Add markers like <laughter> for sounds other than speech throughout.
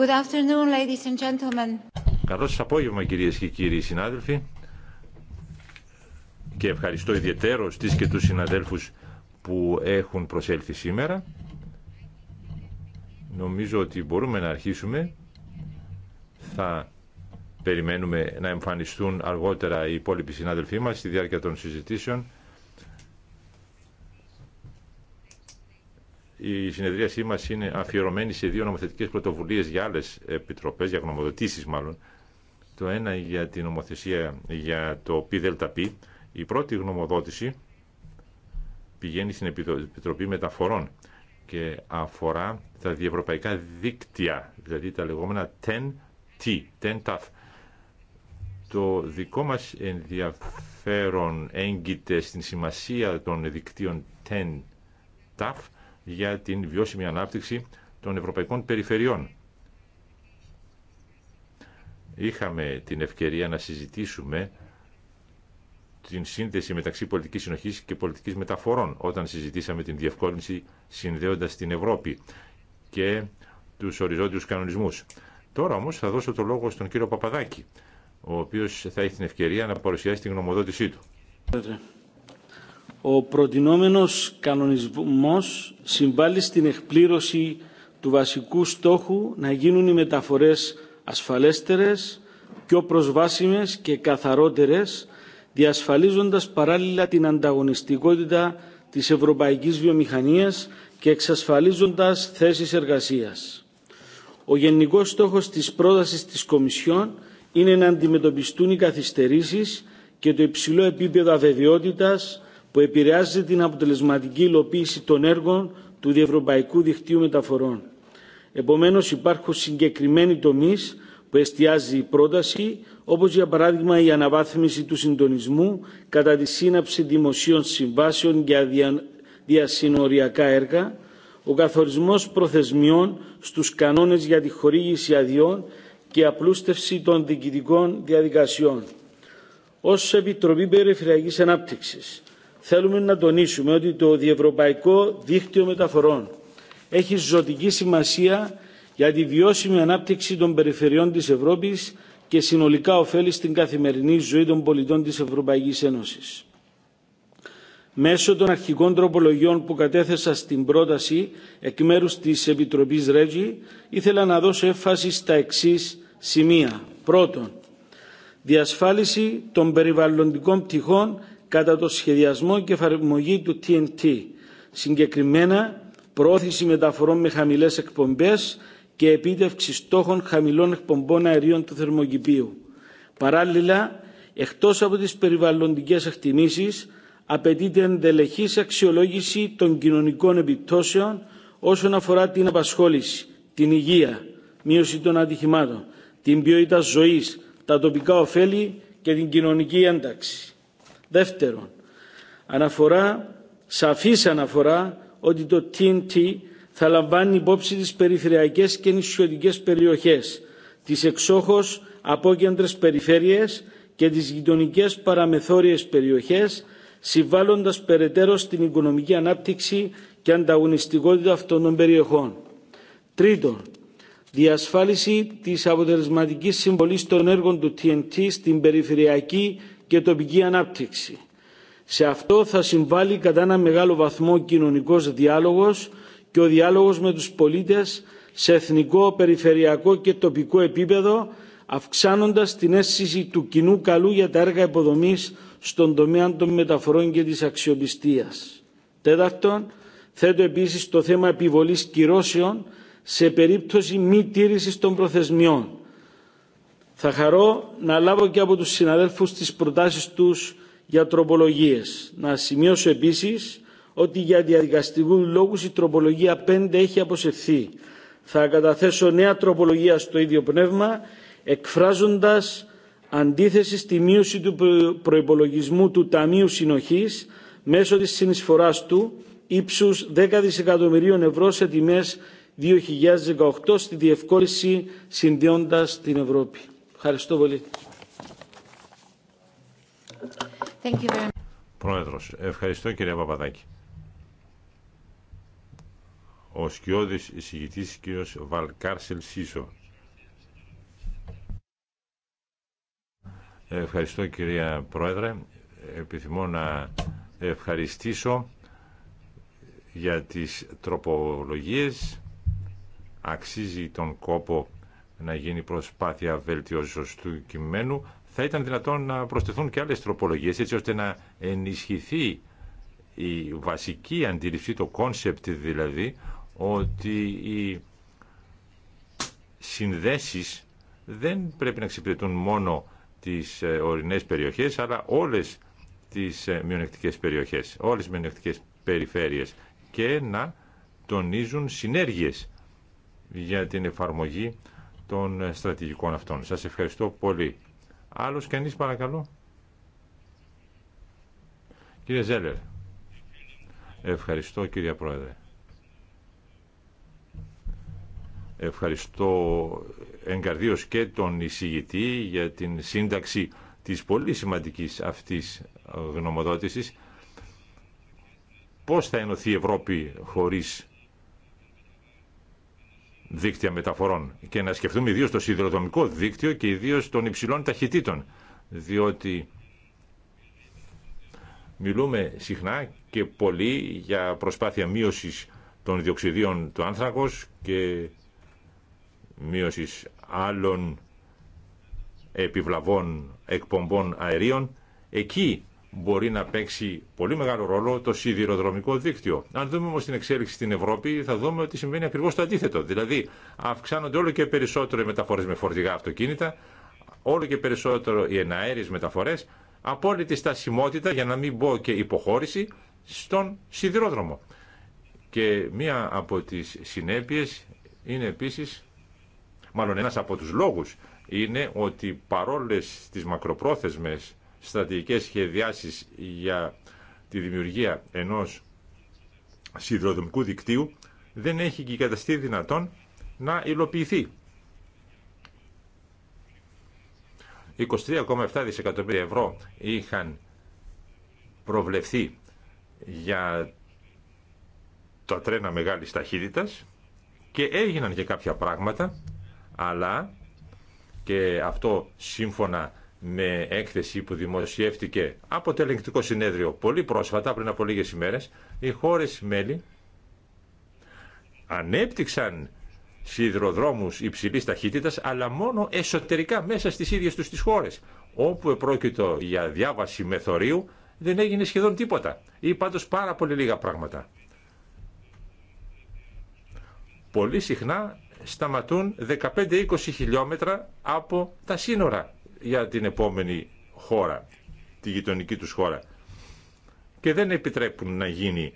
Good afternoon, ladies and gentlemen. σας απόγευμα κυρίες και κύριοι συνάδελφοι και ευχαριστώ ιδιαίτερο στις και τους συναδέλφους που έχουν προσέλθει σήμερα. Νομίζω ότι μπορούμε να αρχίσουμε. Θα περιμένουμε να εμφανιστούν αργότερα οι υπόλοιποι συνάδελφοί μας στη διάρκεια των συζητήσεων. Η συνεδρίασή μα είναι αφιερωμένη σε δύο νομοθετικές πρωτοβουλίες για άλλε επιτροπές, για γνωμοδοτήσει μάλλον. Το ένα για την νομοθεσία για το ΠΔΠ. Η πρώτη γνωμοδότηση πηγαίνει στην Επιτροπή Μεταφορών και αφορά τα διευρωπαϊκά δίκτυα, δηλαδή τα λεγομενα ten t ten 10TAF. Το δικό μας ενδιαφέρον έγκυται στην σημασία των δικτυων ten 10TAF για την βιώσιμη ανάπτυξη των ευρωπαϊκών περιφερειών. Είχαμε την ευκαιρία να συζητήσουμε την σύνδεση μεταξύ πολιτικής συνοχής και πολιτικής μεταφορών όταν συζητήσαμε την διευκόλυνση συνδέοντας την Ευρώπη και τους οριζόντιους κανονισμούς. Τώρα όμως θα δώσω το λόγο στον κύριο Παπαδάκη, ο οποίος θα έχει την ευκαιρία να παρουσιάσει την γνωμοδότησή του. Ο προτινόμενος κανονισμός συμβάλλει στην εκπλήρωση του βασικού στόχου να γίνουν οι μεταφορές ασφαλέστερες, πιο προσβάσιμες και καθαρότερες, διασφαλίζοντας παράλληλα την ανταγωνιστικότητα της ευρωπαϊκής βιομηχανίας και εξασφαλίζοντας θέσεις εργασίας. Ο γενικός στόχος της πρότασης της Κομισιόν είναι να αντιμετωπιστούν οι καθυστερήσεις και το υψηλό επίπεδο αβεβαιότητας που επηρεάζει την αποτελεσματική υλοποίηση των έργων του Διευρωπαϊκού Δικτύου Μεταφορών. Επομένως υπάρχουν συγκεκριμένοι τομείς που εστιάζει η πρόταση, όπως για παράδειγμα η αναβάθμιση του συντονισμού κατά τη σύναψη δημοσίων συμβάσεων για διασυνοριακά έργα, ο καθορισμός προθεσμιών στους κανόνες για τη χορήγηση αδειών και απλούστευση των διοικητικών διαδικασιών. Ως Επιτροπή Περιφερειακής Ανάπτυξης θέλουμε να τονίσουμε ότι το διευρωπαϊκό δίκτυο μεταφορών έχει ζωτική σημασία για τη βιώσιμη ανάπτυξη των περιφερειών της Ευρώπης και συνολικά ωφέλει στην καθημερινή ζωή των πολιτών της Ευρωπαϊκής Ένωσης. Μέσω των αρχικών τροπολογιών που κατέθεσα στην πρόταση εκ μέρους της Επιτροπής ΡΕΤΖΙ, ήθελα να δώσω έμφαση στα εξή σημεία. Πρώτον, διασφάλιση των περιβαλλοντικών πτυχών κατά το σχεδιασμό και εφαρμογή του TNT. Συγκεκριμένα, προώθηση μεταφορών με χαμηλές εκπομπές και επίτευξη στόχων χαμηλών εκπομπών αερίων του θερμοκηπίου. Παράλληλα, εκτός από τις περιβαλλοντικές εκτιμήσεις, απαιτείται εντελεχής αξιολόγηση των κοινωνικών επιπτώσεων όσον αφορά την απασχόληση, την υγεία, μείωση των ατυχημάτων, την ποιότητα ζωής, τα τοπικά ωφέλη και την κοινωνική ένταξη. Δεύτερον, αναφορά, σαφής αναφορά ότι το TNT θα λαμβάνει υπόψη τις περιφερειακές και νησιωτικές περιοχές, τις εξόχως απόκεντρες περιφέρειες και τις γειτονικέ παραμεθόριες περιοχές, συμβάλλοντας περαιτέρω στην οικονομική ανάπτυξη και ανταγωνιστικότητα αυτών των περιοχών. Τρίτον, διασφάλιση της αποτελεσματικής συμβολής των έργων του TNT στην περιφερειακή και τοπική ανάπτυξη. Σε αυτό θα συμβάλλει κατά ένα μεγάλο βαθμό κοινωνικός διάλογος και ο διάλογος με τους πολίτες σε εθνικό, περιφερειακό και τοπικό επίπεδο, αυξάνοντας την αίσθηση του κοινού καλού για τα έργα υποδομής στον τομέα των μεταφορών και της αξιοπιστίας. Τέταρτον, θέτω επίσης το θέμα επιβολής κυρώσεων σε περίπτωση μη τήρησης των προθεσμιών θα χαρώ να λάβω και από τους συναδέλφους τις προτάσεις τους για τροπολογίες. Να σημειώσω επίσης ότι για διαδικαστικού λόγους η τροπολογία 5 έχει αποσυρθεί. Θα καταθέσω νέα τροπολογία στο ίδιο πνεύμα, εκφράζοντας αντίθεση στη μείωση του προϋπολογισμού του Ταμείου Συνοχής μέσω της συνεισφοράς του ύψους 10 δισεκατομμυρίων ευρώ σε τιμές 2018 στη διευκόλυνση συνδέοντας την Ευρώπη. Ευχαριστώ πολύ. Thank ευχαριστώ κυρία Παπαδάκη. Ο σκιώδης εισηγητής κύριος Βαλκάρσελ Σίσο. Ευχαριστώ κυρία Πρόεδρε. Επιθυμώ να ευχαριστήσω για τις τροπολογίες. Αξίζει τον κόπο να γίνει προσπάθεια βελτιώσεως του κειμένου. Θα ήταν δυνατόν να προσθεθούν και άλλες τροπολογίες έτσι ώστε να ενισχυθεί η βασική αντίληψη, το κόνσεπτ δηλαδή, ότι οι συνδέσεις δεν πρέπει να εξυπηρετούν μόνο τις ε, ορεινές περιοχές, αλλά όλες τις ε, μειονεκτικές περιοχές, όλες τις μειονεκτικές περιφέρειες και να τονίζουν συνέργειες για την εφαρμογή των στρατηγικών αυτών. Σας ευχαριστώ πολύ. Άλλος κανείς παρακαλώ. Κύριε Ζέλερ. Ευχαριστώ κύριε Πρόεδρε. Ευχαριστώ εγκαρδίως και τον εισηγητή για την σύνταξη της πολύ σημαντικής αυτής γνωμοδότησης. Πώς θα ενωθεί η Ευρώπη χωρίς δίκτυα μεταφορών και να σκεφτούμε ιδίω το σιδηροδρομικό δίκτυο και ιδίω των υψηλών ταχυτήτων διότι μιλούμε συχνά και πολύ για προσπάθεια μείωση των διοξιδίων του άνθρακο και μείωση άλλων επιβλαβών εκπομπών αερίων. Εκεί μπορεί να παίξει πολύ μεγάλο ρόλο το σιδηροδρομικό δίκτυο. Αν δούμε όμω την εξέλιξη στην Ευρώπη θα δούμε ότι συμβαίνει ακριβώ το αντίθετο. Δηλαδή αυξάνονται όλο και περισσότερο οι μεταφορές με φορτηγά αυτοκίνητα, όλο και περισσότερο οι εναέριε μεταφορές, απόλυτη στασιμότητα για να μην πω και υποχώρηση στον σιδηρόδρομο. Και μία από τι συνέπειε είναι επίση, μάλλον ένα από του λόγου, είναι ότι παρόλες τις μακροπρόθεσμες στρατηγικές σχεδιάσεις για τη δημιουργία ενός σιδηροδρομικού δικτύου δεν έχει και καταστεί δυνατόν να υλοποιηθεί. 23,7 δισεκατομμύρια ευρώ είχαν προβλεφθεί για τα τρένα μεγάλης ταχύτητας και έγιναν και κάποια πράγματα αλλά και αυτό σύμφωνα με έκθεση που δημοσιεύτηκε από το ελεγκτικό συνέδριο πολύ πρόσφατα, πριν από λίγες ημέρες, οι χώρες μέλη ανέπτυξαν σιδηροδρόμους υψηλής ταχύτητας, αλλά μόνο εσωτερικά μέσα στις ίδιες τους τις χώρες. Όπου επρόκειτο για διάβαση μεθορίου δεν έγινε σχεδόν τίποτα ή πάντως πάρα πολύ λίγα πράγματα. Πολύ συχνά σταματούν 15-20 χιλιόμετρα από τα σύνορα για την επόμενη χώρα, τη γειτονική τους χώρα. Και δεν επιτρέπουν να γίνει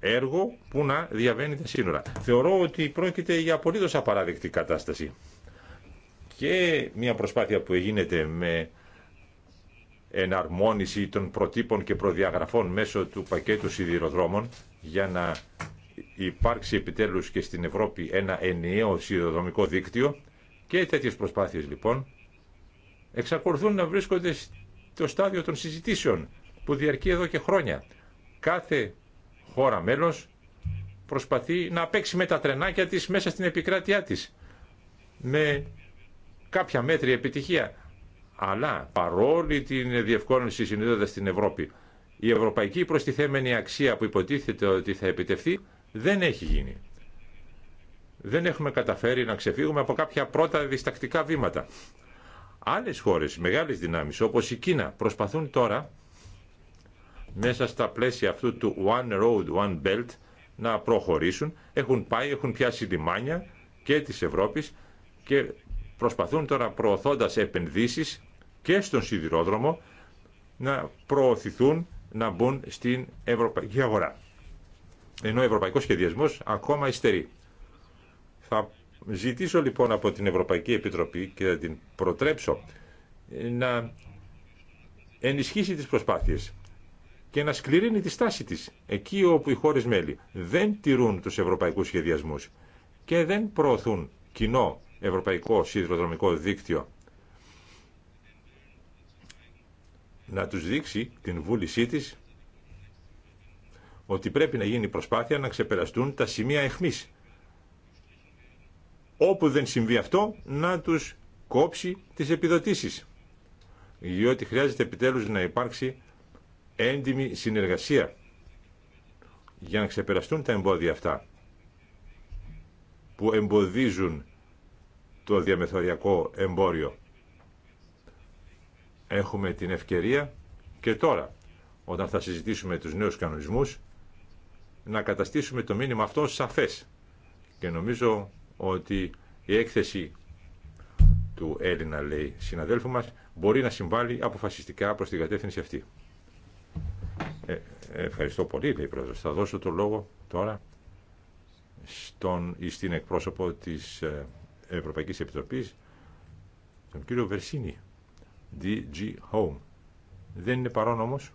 έργο που να διαβαίνει τα σύνορα. Θεωρώ ότι πρόκειται για απολύτως απαράδεκτη κατάσταση. Και μια προσπάθεια που γίνεται με εναρμόνιση των προτύπων και προδιαγραφών μέσω του πακέτου σιδηροδρόμων για να υπάρξει επιτέλους και στην Ευρώπη ένα ενιαίο σιδηροδρομικό δίκτυο και τέτοιες προσπάθειες λοιπόν εξακολουθούν να βρίσκονται στο στάδιο των συζητήσεων που διαρκεί εδώ και χρόνια. Κάθε χώρα μέλος προσπαθεί να παίξει με τα τρενάκια της μέσα στην επικράτειά της με κάποια μέτρη επιτυχία. Αλλά παρόλη την διευκόλυνση συνδέοντας στην Ευρώπη, η ευρωπαϊκή προστιθέμενη αξία που υποτίθεται ότι θα επιτευθεί δεν έχει γίνει. Δεν έχουμε καταφέρει να ξεφύγουμε από κάποια πρώτα διστακτικά βήματα. Άλλε χώρες, μεγάλε δυνάμεις όπως η Κίνα προσπαθούν τώρα μέσα στα πλαίσια αυτού του One Road, One Belt να προχωρήσουν. Έχουν πάει, έχουν πιάσει λιμάνια και της Ευρώπης και προσπαθούν τώρα προωθώντα επενδύσεις και στον σιδηρόδρομο να προωθηθούν να μπουν στην ευρωπαϊκή αγορά. Ενώ ο ευρωπαϊκός σχεδιασμός ακόμα υστερεί. Ζητήσω λοιπόν από την Ευρωπαϊκή Επιτροπή και θα την προτρέψω να ενισχύσει τις προσπάθειες και να σκληρύνει τη στάση της εκεί όπου οι χώρες μέλη δεν τηρούν τους ευρωπαϊκούς σχεδιασμούς και δεν προωθούν κοινό ευρωπαϊκό σιδηροδρομικό δίκτυο να τους δείξει την βούλησή της ότι πρέπει να γίνει προσπάθεια να ξεπεραστούν τα σημεία εχμής όπου δεν συμβεί αυτό να τους κόψει τις επιδοτήσεις. Διότι χρειάζεται επιτέλους να υπάρξει έντιμη συνεργασία για να ξεπεραστούν τα εμπόδια αυτά που εμποδίζουν το διαμεθοριακό εμπόριο. Έχουμε την ευκαιρία και τώρα, όταν θα συζητήσουμε τους νέους κανονισμούς, να καταστήσουμε το μήνυμα αυτό σαφές. Και νομίζω ότι η έκθεση του Έλληνα, λέει, συναδέλφου μας, μπορεί να συμβάλλει αποφασιστικά προς την κατεύθυνση αυτή. Ε, ευχαριστώ πολύ, λέει η Πρόεδρος. Θα δώσω το λόγο τώρα στον, στην εκπρόσωπο της ε, Ευρωπαϊκής Επιτροπής, τον κύριο Βερσίνη, DG Home. Δεν είναι παρόν όμως,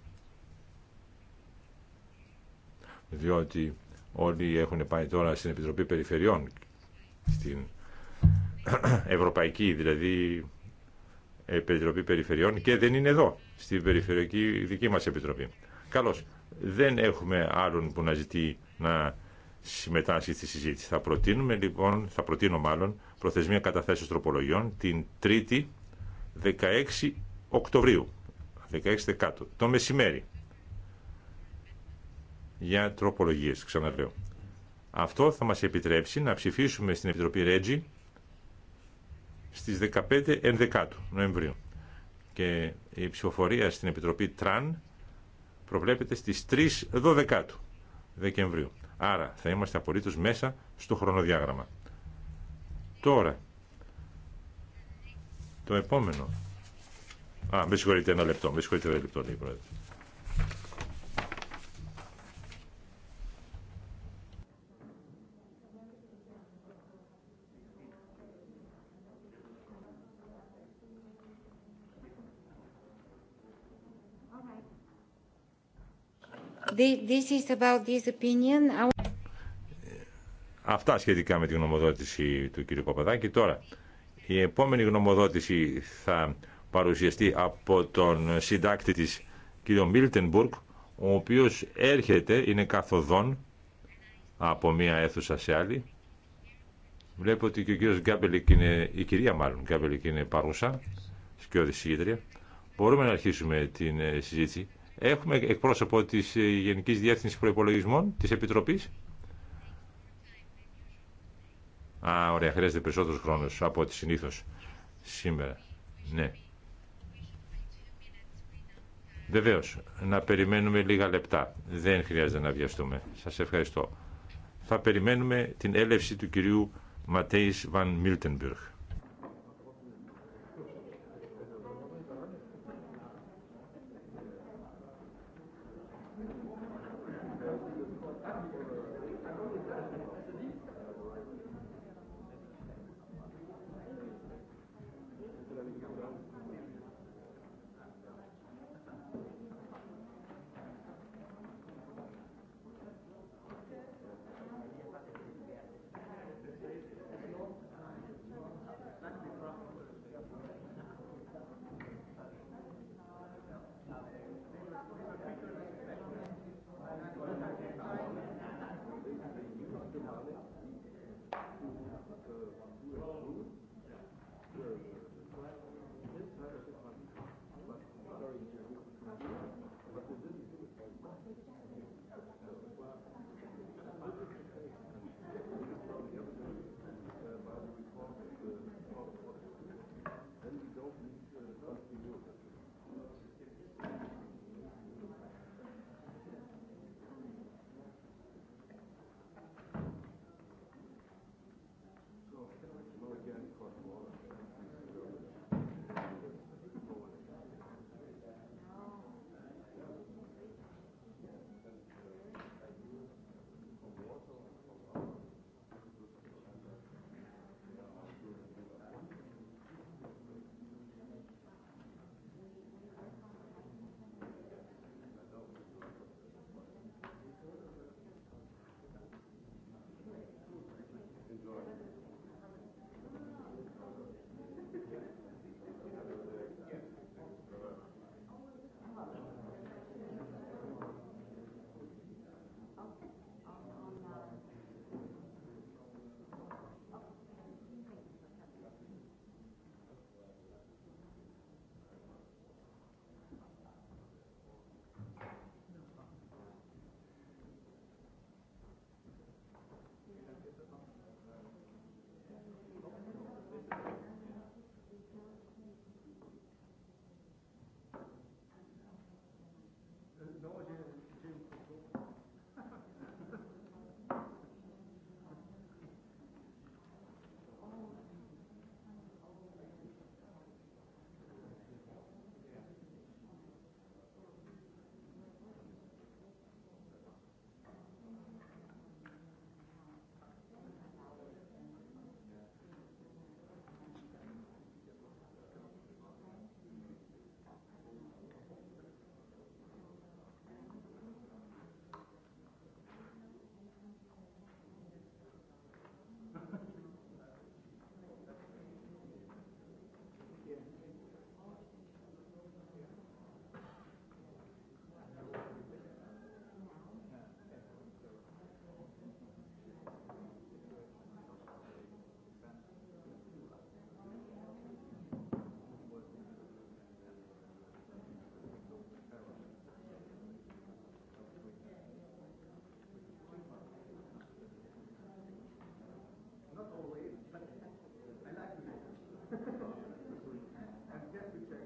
διότι όλοι έχουν πάει τώρα στην Επιτροπή Περιφερειών στην <clears throat> Ευρωπαϊκή, δηλαδή Επιτροπή Περιφερειών και δεν είναι εδώ, στην Περιφερειακή δική μας Επιτροπή. Καλώς, δεν έχουμε άλλον που να ζητεί να συμμετάσχει στη συζήτηση. Θα προτείνουμε λοιπόν, θα προτείνω μάλλον, προθεσμία καταθέσεως τροπολογιών την 3η 16 Οκτωβρίου, 16 Δεκάτου, το μεσημέρι, για τροπολογίες, ξαναλέω. Αυτό θα μας επιτρέψει να ψηφίσουμε στην Επιτροπή Ρέτζι στις 15 Ενδεκάτου Νοεμβρίου. Και η ψηφοφορία στην Επιτροπή Τραν προβλέπεται στις 3 Δωδεκάτου Δεκεμβρίου. Άρα θα είμαστε απολύτως μέσα στο χρονοδιάγραμμα. Τώρα, το επόμενο. Α, με συγχωρείτε ένα λεπτό, με συγχωρείτε ένα λεπτό, λέει Αυτά σχετικά με τη γνωμοδότηση του κ. Παπαδάκη. Τώρα, η επόμενη γνωμοδότηση θα παρουσιαστεί από τον συντάκτη της κ. Μίλτενμπουργκ, ο οποίος έρχεται, είναι καθοδόν από μία αίθουσα σε άλλη. Βλέπω ότι και ο κύριος Γκάμπελικ είναι, η κυρία μάλλον Γκάμπελικ είναι παρούσα, σκιώδη συγγήτρια. Μπορούμε να αρχίσουμε την ε, συζήτηση. Έχουμε εκπρόσωπο της ε, Γενικής Διεύθυνσης Προϋπολογισμών της Επιτροπής. Α, ωραία, χρειάζεται περισσότερο χρόνο από ό,τι συνήθω σήμερα. Ναι. Βεβαίω, να περιμένουμε λίγα λεπτά. Δεν χρειάζεται να βιαστούμε. Σας ευχαριστώ. Θα περιμένουμε την έλευση του κυρίου Ματέη Βαν Μίλτενμπουργκ. gerçekten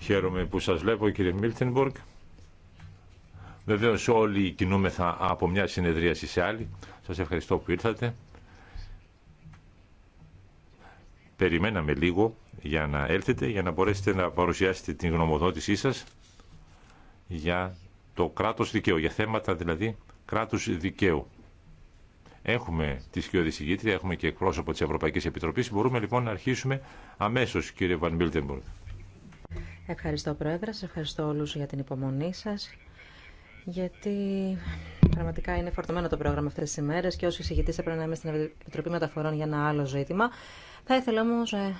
Χαίρομαι που σας βλέπω κύριε Μίλτενμπορκ. Βεβαίως όλοι κινούμεθα από μια συνεδρίαση σε άλλη. Σας ευχαριστώ που ήρθατε. περιμέναμε λίγο για να έλθετε, για να μπορέσετε να παρουσιάσετε την γνωμοδότησή σας για το κράτος δικαίου, για θέματα δηλαδή κράτους δικαίου. Έχουμε τη σκιώδη συγκήτρια, έχουμε και εκπρόσωπο της Ευρωπαϊκής Επιτροπής. Μπορούμε λοιπόν να αρχίσουμε αμέσως, κύριε Βαν Μίλτεμπορντ. Ευχαριστώ, Πρόεδρε. Σας ευχαριστώ όλους για την υπομονή σας. Γιατί πραγματικά είναι φορτωμένο το πρόγραμμα αυτές τις ημέρες και ω εισηγητή έπρεπε να είμαι στην Επιτροπή Μεταφορών για ένα άλλο ζήτημα. Θα ήθελα όμως ε,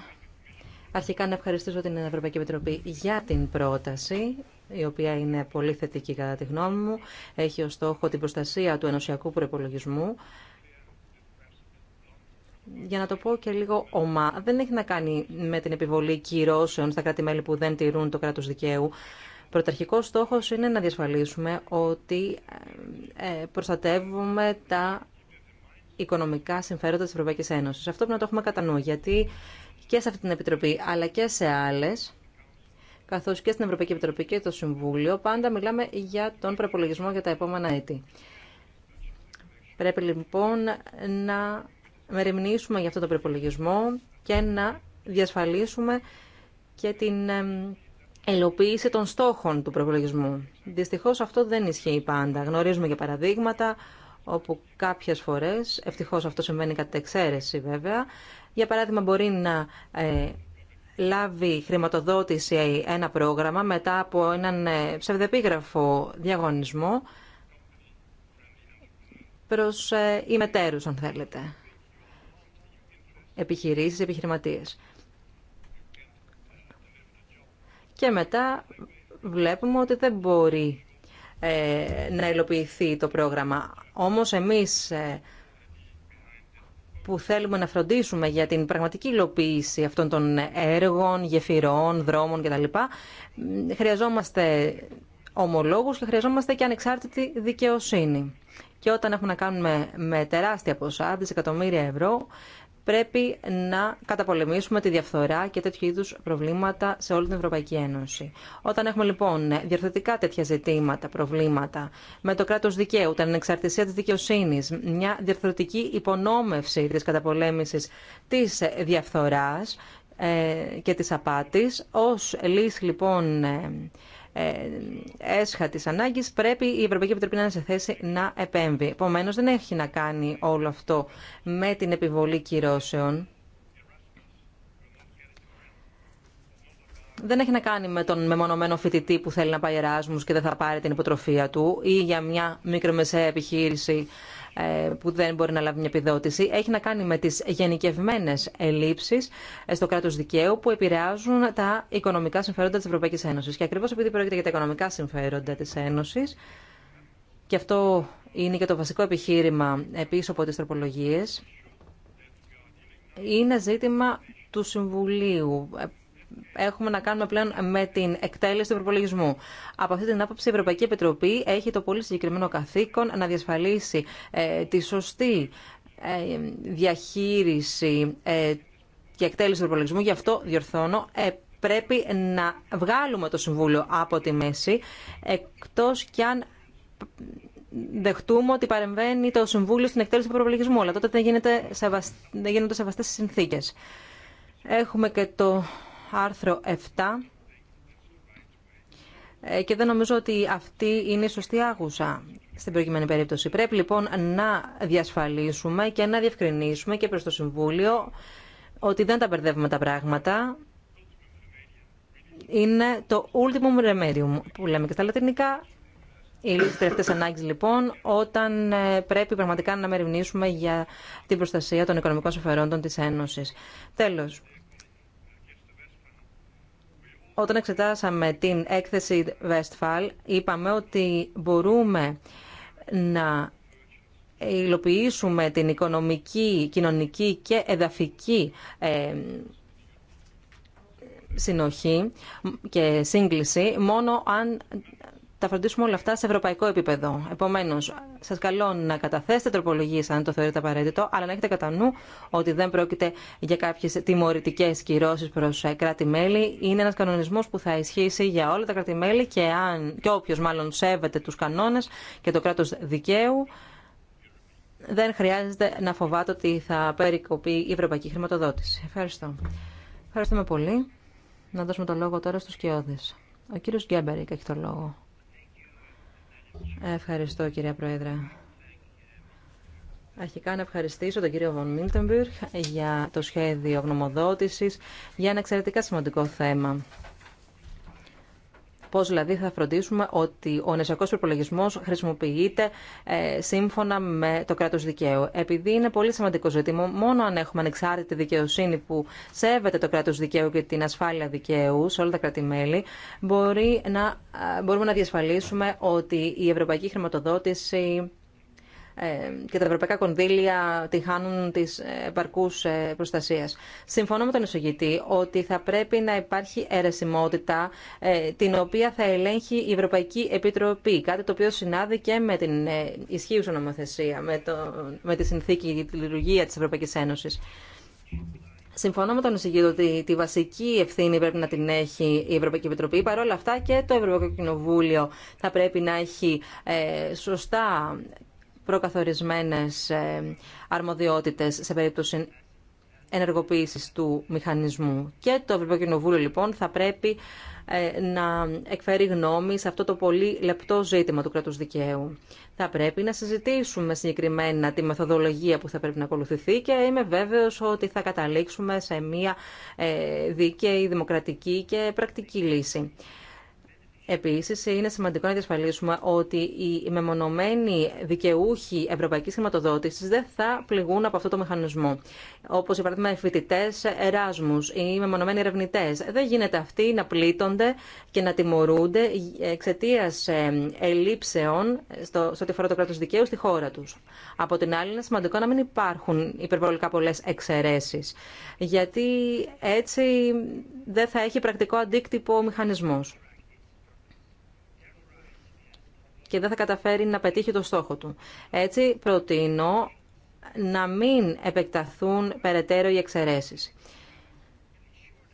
αρχικά να ευχαριστήσω την Ευρωπαϊκή Επιτροπή για την πρόταση η οποία είναι πολύ θετική κατά τη γνώμη μου. Έχει ως στόχο την προστασία του ενωσιακού προπολογισμού. Για να το πω και λίγο ομά, δεν έχει να κάνει με την επιβολή κυρώσεων στα κράτη-μέλη που δεν τηρούν το κράτος δικαίου. Πρωταρχικό στόχος είναι να διασφαλίσουμε ότι ε, προστατεύουμε τα οικονομικά συμφέροντα τη Ευρωπαϊκή Ένωση. Αυτό πρέπει να το έχουμε κατά νου, γιατί και σε αυτή την Επιτροπή, αλλά και σε άλλε, καθώ και στην Ευρωπαϊκή Επιτροπή και το Συμβούλιο, πάντα μιλάμε για τον προπολογισμό για τα επόμενα έτη. Πρέπει λοιπόν να μεριμνήσουμε για αυτό τον προπολογισμό και να διασφαλίσουμε και την ελοποίηση των στόχων του προπολογισμού. Δυστυχώ αυτό δεν ισχύει πάντα. Γνωρίζουμε για παραδείγματα όπου κάποιες φορές, ευτυχώς αυτό συμβαίνει κατά εξαίρεση βέβαια, για παράδειγμα μπορεί να ε, λάβει χρηματοδότηση ένα πρόγραμμα μετά από έναν ε, ψευδεπίγραφο διαγωνισμό προς ε, ημετέρους, αν θέλετε, επιχειρήσεις, επιχειρηματίες. Και μετά βλέπουμε ότι δεν μπορεί ε, να υλοποιηθεί το πρόγραμμα. Όμως εμείς ε, που θέλουμε να φροντίσουμε για την πραγματική υλοποίηση αυτών των έργων, γεφυρών, δρόμων κτλ. Χρειαζόμαστε ομολόγους και χρειαζόμαστε και ανεξάρτητη δικαιοσύνη. Και όταν έχουμε να κάνουμε με τεράστια ποσά, δισεκατομμύρια ευρώ, πρέπει να καταπολεμήσουμε τη διαφθορά και τέτοιου είδου προβλήματα σε όλη την Ευρωπαϊκή Ένωση. Όταν έχουμε λοιπόν διορθωτικά τέτοια ζητήματα, προβλήματα με το κράτο δικαίου, την ανεξαρτησία τη δικαιοσύνη, μια διορθωτική υπονόμευση τη καταπολέμηση τη διαφθορά ε, και της απάτης. Ως λύση λοιπόν ε, ε, έσχα τη ανάγκης, πρέπει η Ευρωπαϊκή Επιτροπή να είναι σε θέση να επέμβει. Επομένως, δεν έχει να κάνει όλο αυτό με την επιβολή κυρώσεων. δεν έχει να κάνει με τον μεμονωμένο φοιτητή που θέλει να πάει Εράσμου και δεν θα πάρει την υποτροφία του ή για μια μικρομεσαία επιχείρηση ε, που δεν μπορεί να λάβει μια επιδότηση έχει να κάνει με τις γενικευμένες ελλείψεις ε, στο κράτος δικαίου που επηρεάζουν τα οικονομικά συμφέροντα της Ευρωπαϊκής Ένωσης. Και ακριβώς επειδή πρόκειται για τα οικονομικά συμφέροντα της Ένωσης και αυτό είναι και το βασικό επιχείρημα πίσω από τις τροπολογίες είναι ζήτημα του Συμβουλίου ε, έχουμε να κάνουμε πλέον με την εκτέλεση του προπολογισμού. Από αυτή την άποψη, η Ευρωπαϊκή Επιτροπή έχει το πολύ συγκεκριμένο καθήκον να διασφαλίσει ε, τη σωστή ε, διαχείριση ε, και εκτέλεση του προπολογισμού. Γι' αυτό διορθώνω. Πρέπει να βγάλουμε το Συμβούλιο από τη μέση, εκτός κι αν δεχτούμε ότι παρεμβαίνει το Συμβούλιο στην εκτέλεση του προπολογισμού, αλλά τότε δεν, γίνονται σεβαστές συνθήκες. Έχουμε και το άρθρο 7 ε, και δεν νομίζω ότι αυτή είναι η σωστή άγουσα στην προηγούμενη περίπτωση. Πρέπει λοιπόν να διασφαλίσουμε και να διευκρινίσουμε και προς το Συμβούλιο ότι δεν τα μπερδεύουμε τα πράγματα. Είναι το ultimum remedium που λέμε και στα λατινικά. Η λύση ανάγκες λοιπόν, όταν ε, πρέπει πραγματικά να μεριμνήσουμε για την προστασία των οικονομικών συμφερόντων της Ένωσης. Τέλος. Όταν εξετάσαμε την έκθεση Westphal, είπαμε ότι μπορούμε να υλοποιήσουμε την οικονομική, κοινωνική και εδαφική ε, συνοχή και σύγκληση μόνο αν τα φροντίσουμε όλα αυτά σε ευρωπαϊκό επίπεδο. Επομένω, σα καλώ να καταθέσετε τροπολογίε αν το θεωρείτε απαραίτητο, αλλά να έχετε κατά νου ότι δεν πρόκειται για κάποιε τιμωρητικέ κυρώσει προ ε, κράτη-μέλη. Είναι ένα κανονισμό που θα ισχύσει για όλα τα κράτη-μέλη και, αν, και όποιο μάλλον σέβεται του κανόνε και το κράτο δικαίου. Δεν χρειάζεται να φοβάται ότι θα περικοπεί η ευρωπαϊκή χρηματοδότηση. Ευχαριστώ. Ευχαριστούμε πολύ. Να δώσουμε το λόγο τώρα στους Κιώδης. Ο κύριος Γκέμπερικ έχει το λόγο. Ευχαριστώ κυρία Πρόεδρε. Αρχικά να ευχαριστήσω τον κύριο Βον Μίλτεμπουργκ για το σχέδιο γνωμοδότησης για ένα εξαιρετικά σημαντικό θέμα. Πώς δηλαδή θα φροντίσουμε ότι ο νεσιακός προπολογισμό χρησιμοποιείται ε, σύμφωνα με το κράτος δικαίου. Επειδή είναι πολύ σημαντικό ζήτημα, μόνο αν έχουμε ανεξάρτητη δικαιοσύνη που σέβεται το κράτος δικαίου και την ασφάλεια δικαίου σε όλα τα κράτη-μέλη, μπορεί να, ε, μπορούμε να διασφαλίσουμε ότι η ευρωπαϊκή χρηματοδότηση ε, και τα ευρωπαϊκά κονδύλια τη χάνουν της επαρκούς ε, προστασία. Συμφωνώ με τον εισηγητή ότι θα πρέπει να υπάρχει αιρεσιμότητα ε, την οποία θα ελέγχει η Ευρωπαϊκή Επιτροπή, κάτι το οποίο συνάδει και με την ισχύουσα νομοθεσία, με, το, με τη συνθήκη για τη λειτουργία τη Ευρωπαϊκή Ένωση. Συμφωνώ με τον εισηγητή ότι τη βασική ευθύνη πρέπει να την έχει η Ευρωπαϊκή Επιτροπή. Παρ' όλα αυτά και το Ευρωπαϊκό Κοινοβούλιο θα πρέπει να έχει σωστά προκαθορισμένες ε, αρμοδιότητες σε περίπτωση ενεργοποίησης του μηχανισμού. Και το Ευρωπαϊκό Κοινοβούλιο λοιπόν θα πρέπει ε, να εκφέρει γνώμη σε αυτό το πολύ λεπτό ζήτημα του κρατούς δικαίου. Θα πρέπει να συζητήσουμε συγκεκριμένα τη μεθοδολογία που θα πρέπει να ακολουθηθεί και είμαι βέβαιος ότι θα καταλήξουμε σε μια ε, δίκαιη, δημοκρατική και πρακτική λύση. Επίση, είναι σημαντικό να διασφαλίσουμε ότι οι μεμονωμένοι δικαιούχοι ευρωπαϊκή χρηματοδότηση δεν θα πληγούν από αυτό το μηχανισμό. Όπω, για παράδειγμα, οι φοιτητέ Εράσμου ή οι μεμονωμένοι ερευνητέ. Δεν γίνεται αυτοί να πλήττονται και να τιμωρούνται εξαιτία ε, ελλείψεων στο ό,τι αφορά το κράτο δικαίου στη χώρα του. Από την άλλη, είναι σημαντικό να μην υπάρχουν υπερβολικά πολλέ εξαιρέσει. Γιατί έτσι δεν θα έχει πρακτικό αντίκτυπο ο μηχανισμό και δεν θα καταφέρει να πετύχει το στόχο του. Έτσι προτείνω να μην επεκταθούν περαιτέρω οι εξαιρέσεις.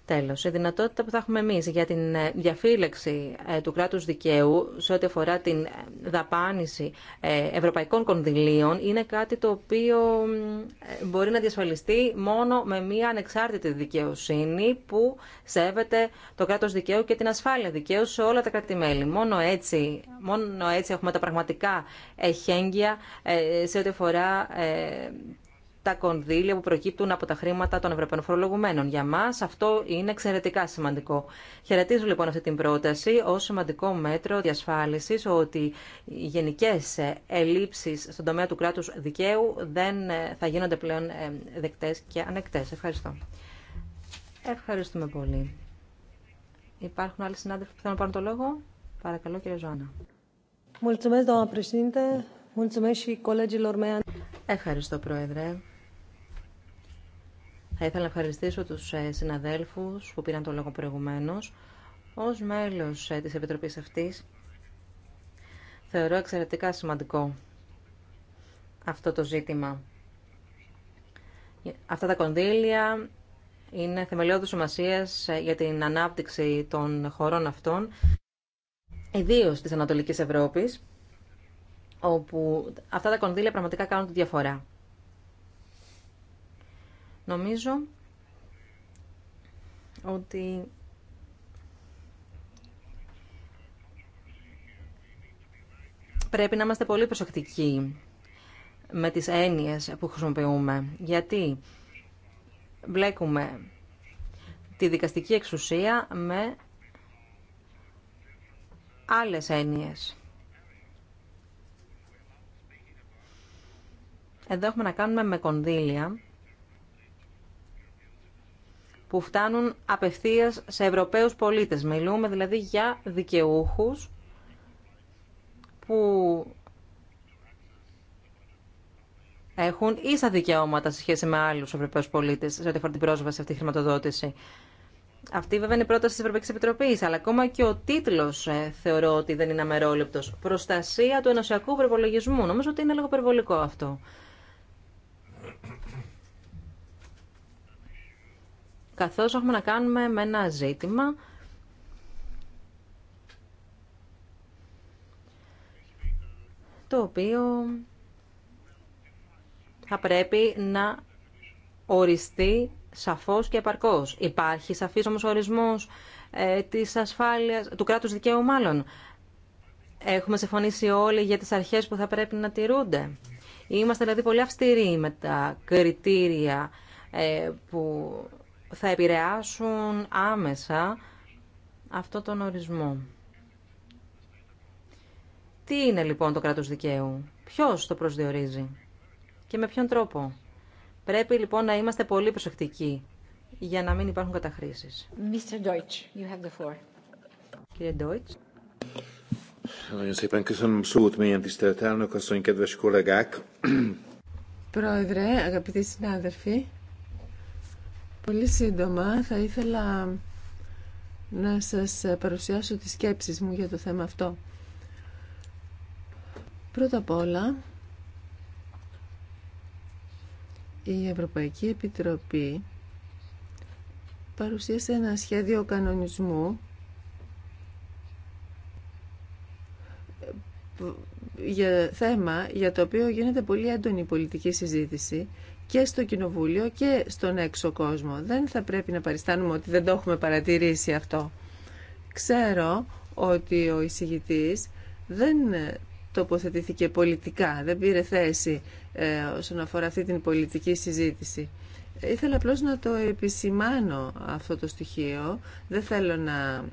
Τέλος, η δυνατότητα που θα έχουμε εμείς για την ε, διαφύλαξη ε, του κράτους δικαίου σε ό,τι αφορά την ε, δαπάνηση ευρωπαϊκών κονδυλίων είναι κάτι το οποίο μπορεί να διασφαλιστεί μόνο με μια ανεξάρτητη δικαιοσύνη που σέβεται το κράτος δικαίου και την ασφάλεια δικαίου σε όλα τα κράτη-μέλη. Μόνο έτσι, μόνο έτσι έχουμε τα πραγματικά εχέγγυα σε ό,τι αφορά τα κονδύλια που προκύπτουν από τα χρήματα των Ευρωπαίων Φορολογουμένων. Για μα αυτό είναι εξαιρετικά σημαντικό. Χαιρετίζω λοιπόν αυτή την πρόταση ω σημαντικό μέτρο διασφάλιση ότι οι γενικέ ελλείψει στον τομέα του κράτου δικαίου δεν ε, θα γίνονται πλέον ε, δεκτέ και ανεκτέ. Ευχαριστώ. Ευχαριστούμε πολύ. Υπάρχουν άλλοι συνάδελφοι που θέλουν να πάρουν το λόγο. Παρακαλώ, κύριε Ζωάννα. Ευχαριστώ, Πρόεδρε. Θα ήθελα να ευχαριστήσω τους ε, συναδέλφους που πήραν το λόγο προηγουμένως. Ως μέλος ε, της Επιτροπής αυτής, θεωρώ εξαιρετικά σημαντικό αυτό το ζήτημα. Αυτά τα κονδύλια είναι θεμελιώδους σημασία ε, για την ανάπτυξη των χωρών αυτών, ιδίω της Ανατολικής Ευρώπης, όπου αυτά τα κονδύλια πραγματικά κάνουν τη διαφορά. Νομίζω ότι πρέπει να είμαστε πολύ προσεκτικοί με τις έννοιες που χρησιμοποιούμε. Γιατί βλέπουμε τη δικαστική εξουσία με άλλες έννοιες. Εδώ έχουμε να κάνουμε με κονδύλια που φτάνουν απευθείας σε Ευρωπαίους πολίτες. Μιλούμε δηλαδή για δικαιούχους που έχουν ίσα δικαιώματα σε σχέση με άλλους Ευρωπαίους πολίτες σε ό,τι αφορά την πρόσβαση σε αυτή τη χρηματοδότηση. Αυτή βέβαια είναι η πρόταση τη Ευρωπαϊκή Επιτροπή, αλλά ακόμα και ο τίτλο ε, θεωρώ ότι δεν είναι αμερόληπτο. Προστασία του ενωσιακού προπολογισμού. Νομίζω ότι είναι λίγο περιβολικό αυτό. καθώς έχουμε να κάνουμε με ένα ζήτημα το οποίο θα πρέπει να οριστεί σαφώς και επαρκώς. Υπάρχει σαφής όμως ορισμός ε, της ασφάλειας, του κράτους δικαίου μάλλον. Έχουμε συμφωνήσει όλοι για τις αρχές που θα πρέπει να τηρούνται. Είμαστε δηλαδή πολύ αυστηροί με τα κριτήρια ε, που θα επηρεάσουν άμεσα αυτό τον ορισμό. Τι είναι λοιπόν το κράτος δικαίου, ποιος το προσδιορίζει και με ποιον τρόπο. Πρέπει λοιπόν να είμαστε πολύ προσεκτικοί για να μην υπάρχουν καταχρήσεις. Mr. Deutsch, you have the floor. Κύριε Deutsch. Πρόεδρε, αγαπητοί συνάδελφοι, Πολύ σύντομα θα ήθελα να σας παρουσιάσω τις σκέψεις μου για το θέμα αυτό. Πρώτα απ' όλα, η Ευρωπαϊκή Επιτροπή παρουσίασε ένα σχέδιο κανονισμού για θέμα για το οποίο γίνεται πολύ έντονη πολιτική συζήτηση και στο Κοινοβούλιο και στον έξω κόσμο. Δεν θα πρέπει να παριστάνουμε ότι δεν το έχουμε παρατηρήσει αυτό. Ξέρω ότι ο εισηγητής δεν τοποθετήθηκε πολιτικά, δεν πήρε θέση ε, όσον αφορά αυτή την πολιτική συζήτηση. Ήθελα απλώς να το επισημάνω αυτό το στοιχείο. Δεν θέλω να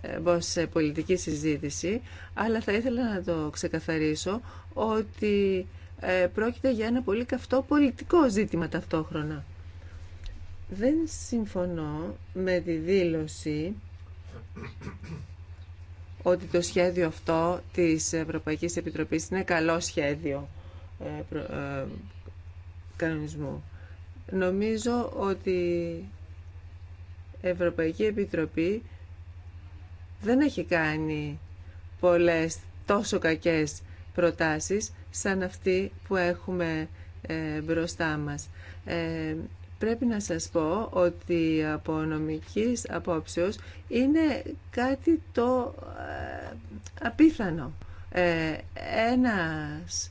ε, μπω σε πολιτική συζήτηση, αλλά θα ήθελα να το ξεκαθαρίσω ότι ε, πρόκειται για ένα πολύ καυτό πολιτικό ζήτημα ταυτόχρονα. Δεν συμφωνώ με τη δήλωση ότι το σχέδιο αυτό της Ευρωπαϊκής Επιτροπής είναι καλό σχέδιο ε, ε, κανονισμού. Νομίζω ότι η Ευρωπαϊκή Επιτροπή δεν έχει κάνει πολλές τόσο κακές προτάσεις σαν αυτή που έχουμε ε, μπροστά μας. Ε, πρέπει να σας πω ότι από νομικής απόψεως είναι κάτι το ε, απίθανο. Ένας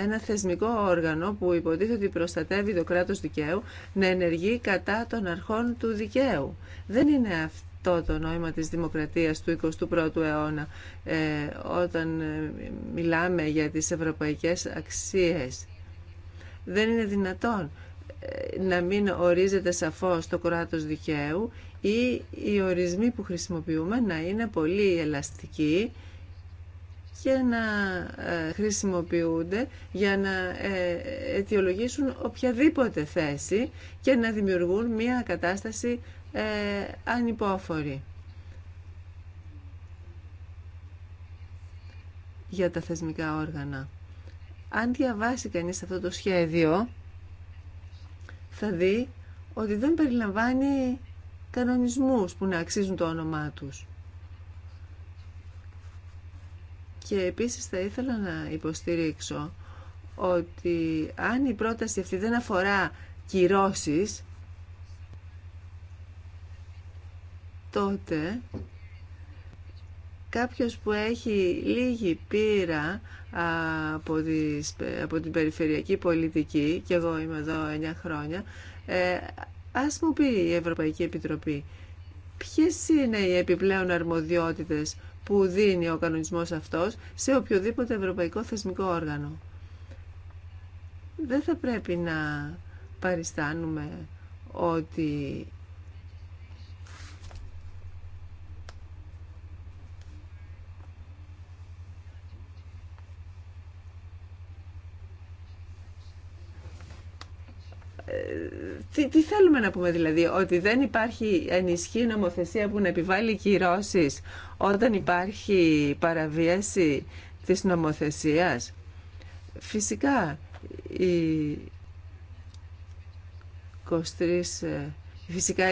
ένα θεσμικό όργανο που υποτίθεται ότι προστατεύει το κράτος δικαίου να ενεργεί κατά των αρχών του δικαίου. Δεν είναι αυτό αυτό το νόημα της δημοκρατίας του 21ου αιώνα ε, όταν ε, μιλάμε για τις ευρωπαϊκές αξίες. Δεν είναι δυνατόν ε, να μην ορίζεται σαφώς το κράτος δικαίου ή οι ορισμοί που χρησιμοποιούμε να είναι πολύ ελαστικοί και να χρησιμοποιούνται για να αιτιολογήσουν οποιαδήποτε θέση και να δημιουργούν μια κατάσταση ε, ανυπόφοροι. για τα θεσμικά όργανα. Αν διαβάσει κανείς αυτό το σχέδιο, θα δει ότι δεν περιλαμβάνει κανονισμούς που να αξίζουν το όνομά τους. Και επίσης θα ήθελα να υποστηρίξω ότι αν η πρόταση αυτή δεν αφορά κυρώσεις, τότε κάποιος που έχει λίγη πείρα από, τις, από την περιφερειακή πολιτική, και εγώ είμαι εδώ 9 χρόνια, ε, ας μου πει η Ευρωπαϊκή Επιτροπή ποιες είναι οι επιπλέον αρμοδιότητες που δίνει ο κανονισμός αυτός σε οποιοδήποτε ευρωπαϊκό θεσμικό όργανο. Δεν θα πρέπει να παριστάνουμε ότι τι, τι θέλουμε να πούμε δηλαδή, ότι δεν υπάρχει ενισχύ νομοθεσία που να επιβάλλει κυρώσεις όταν υπάρχει παραβίαση της νομοθεσίας. Φυσικά, οι ε, Φυσικά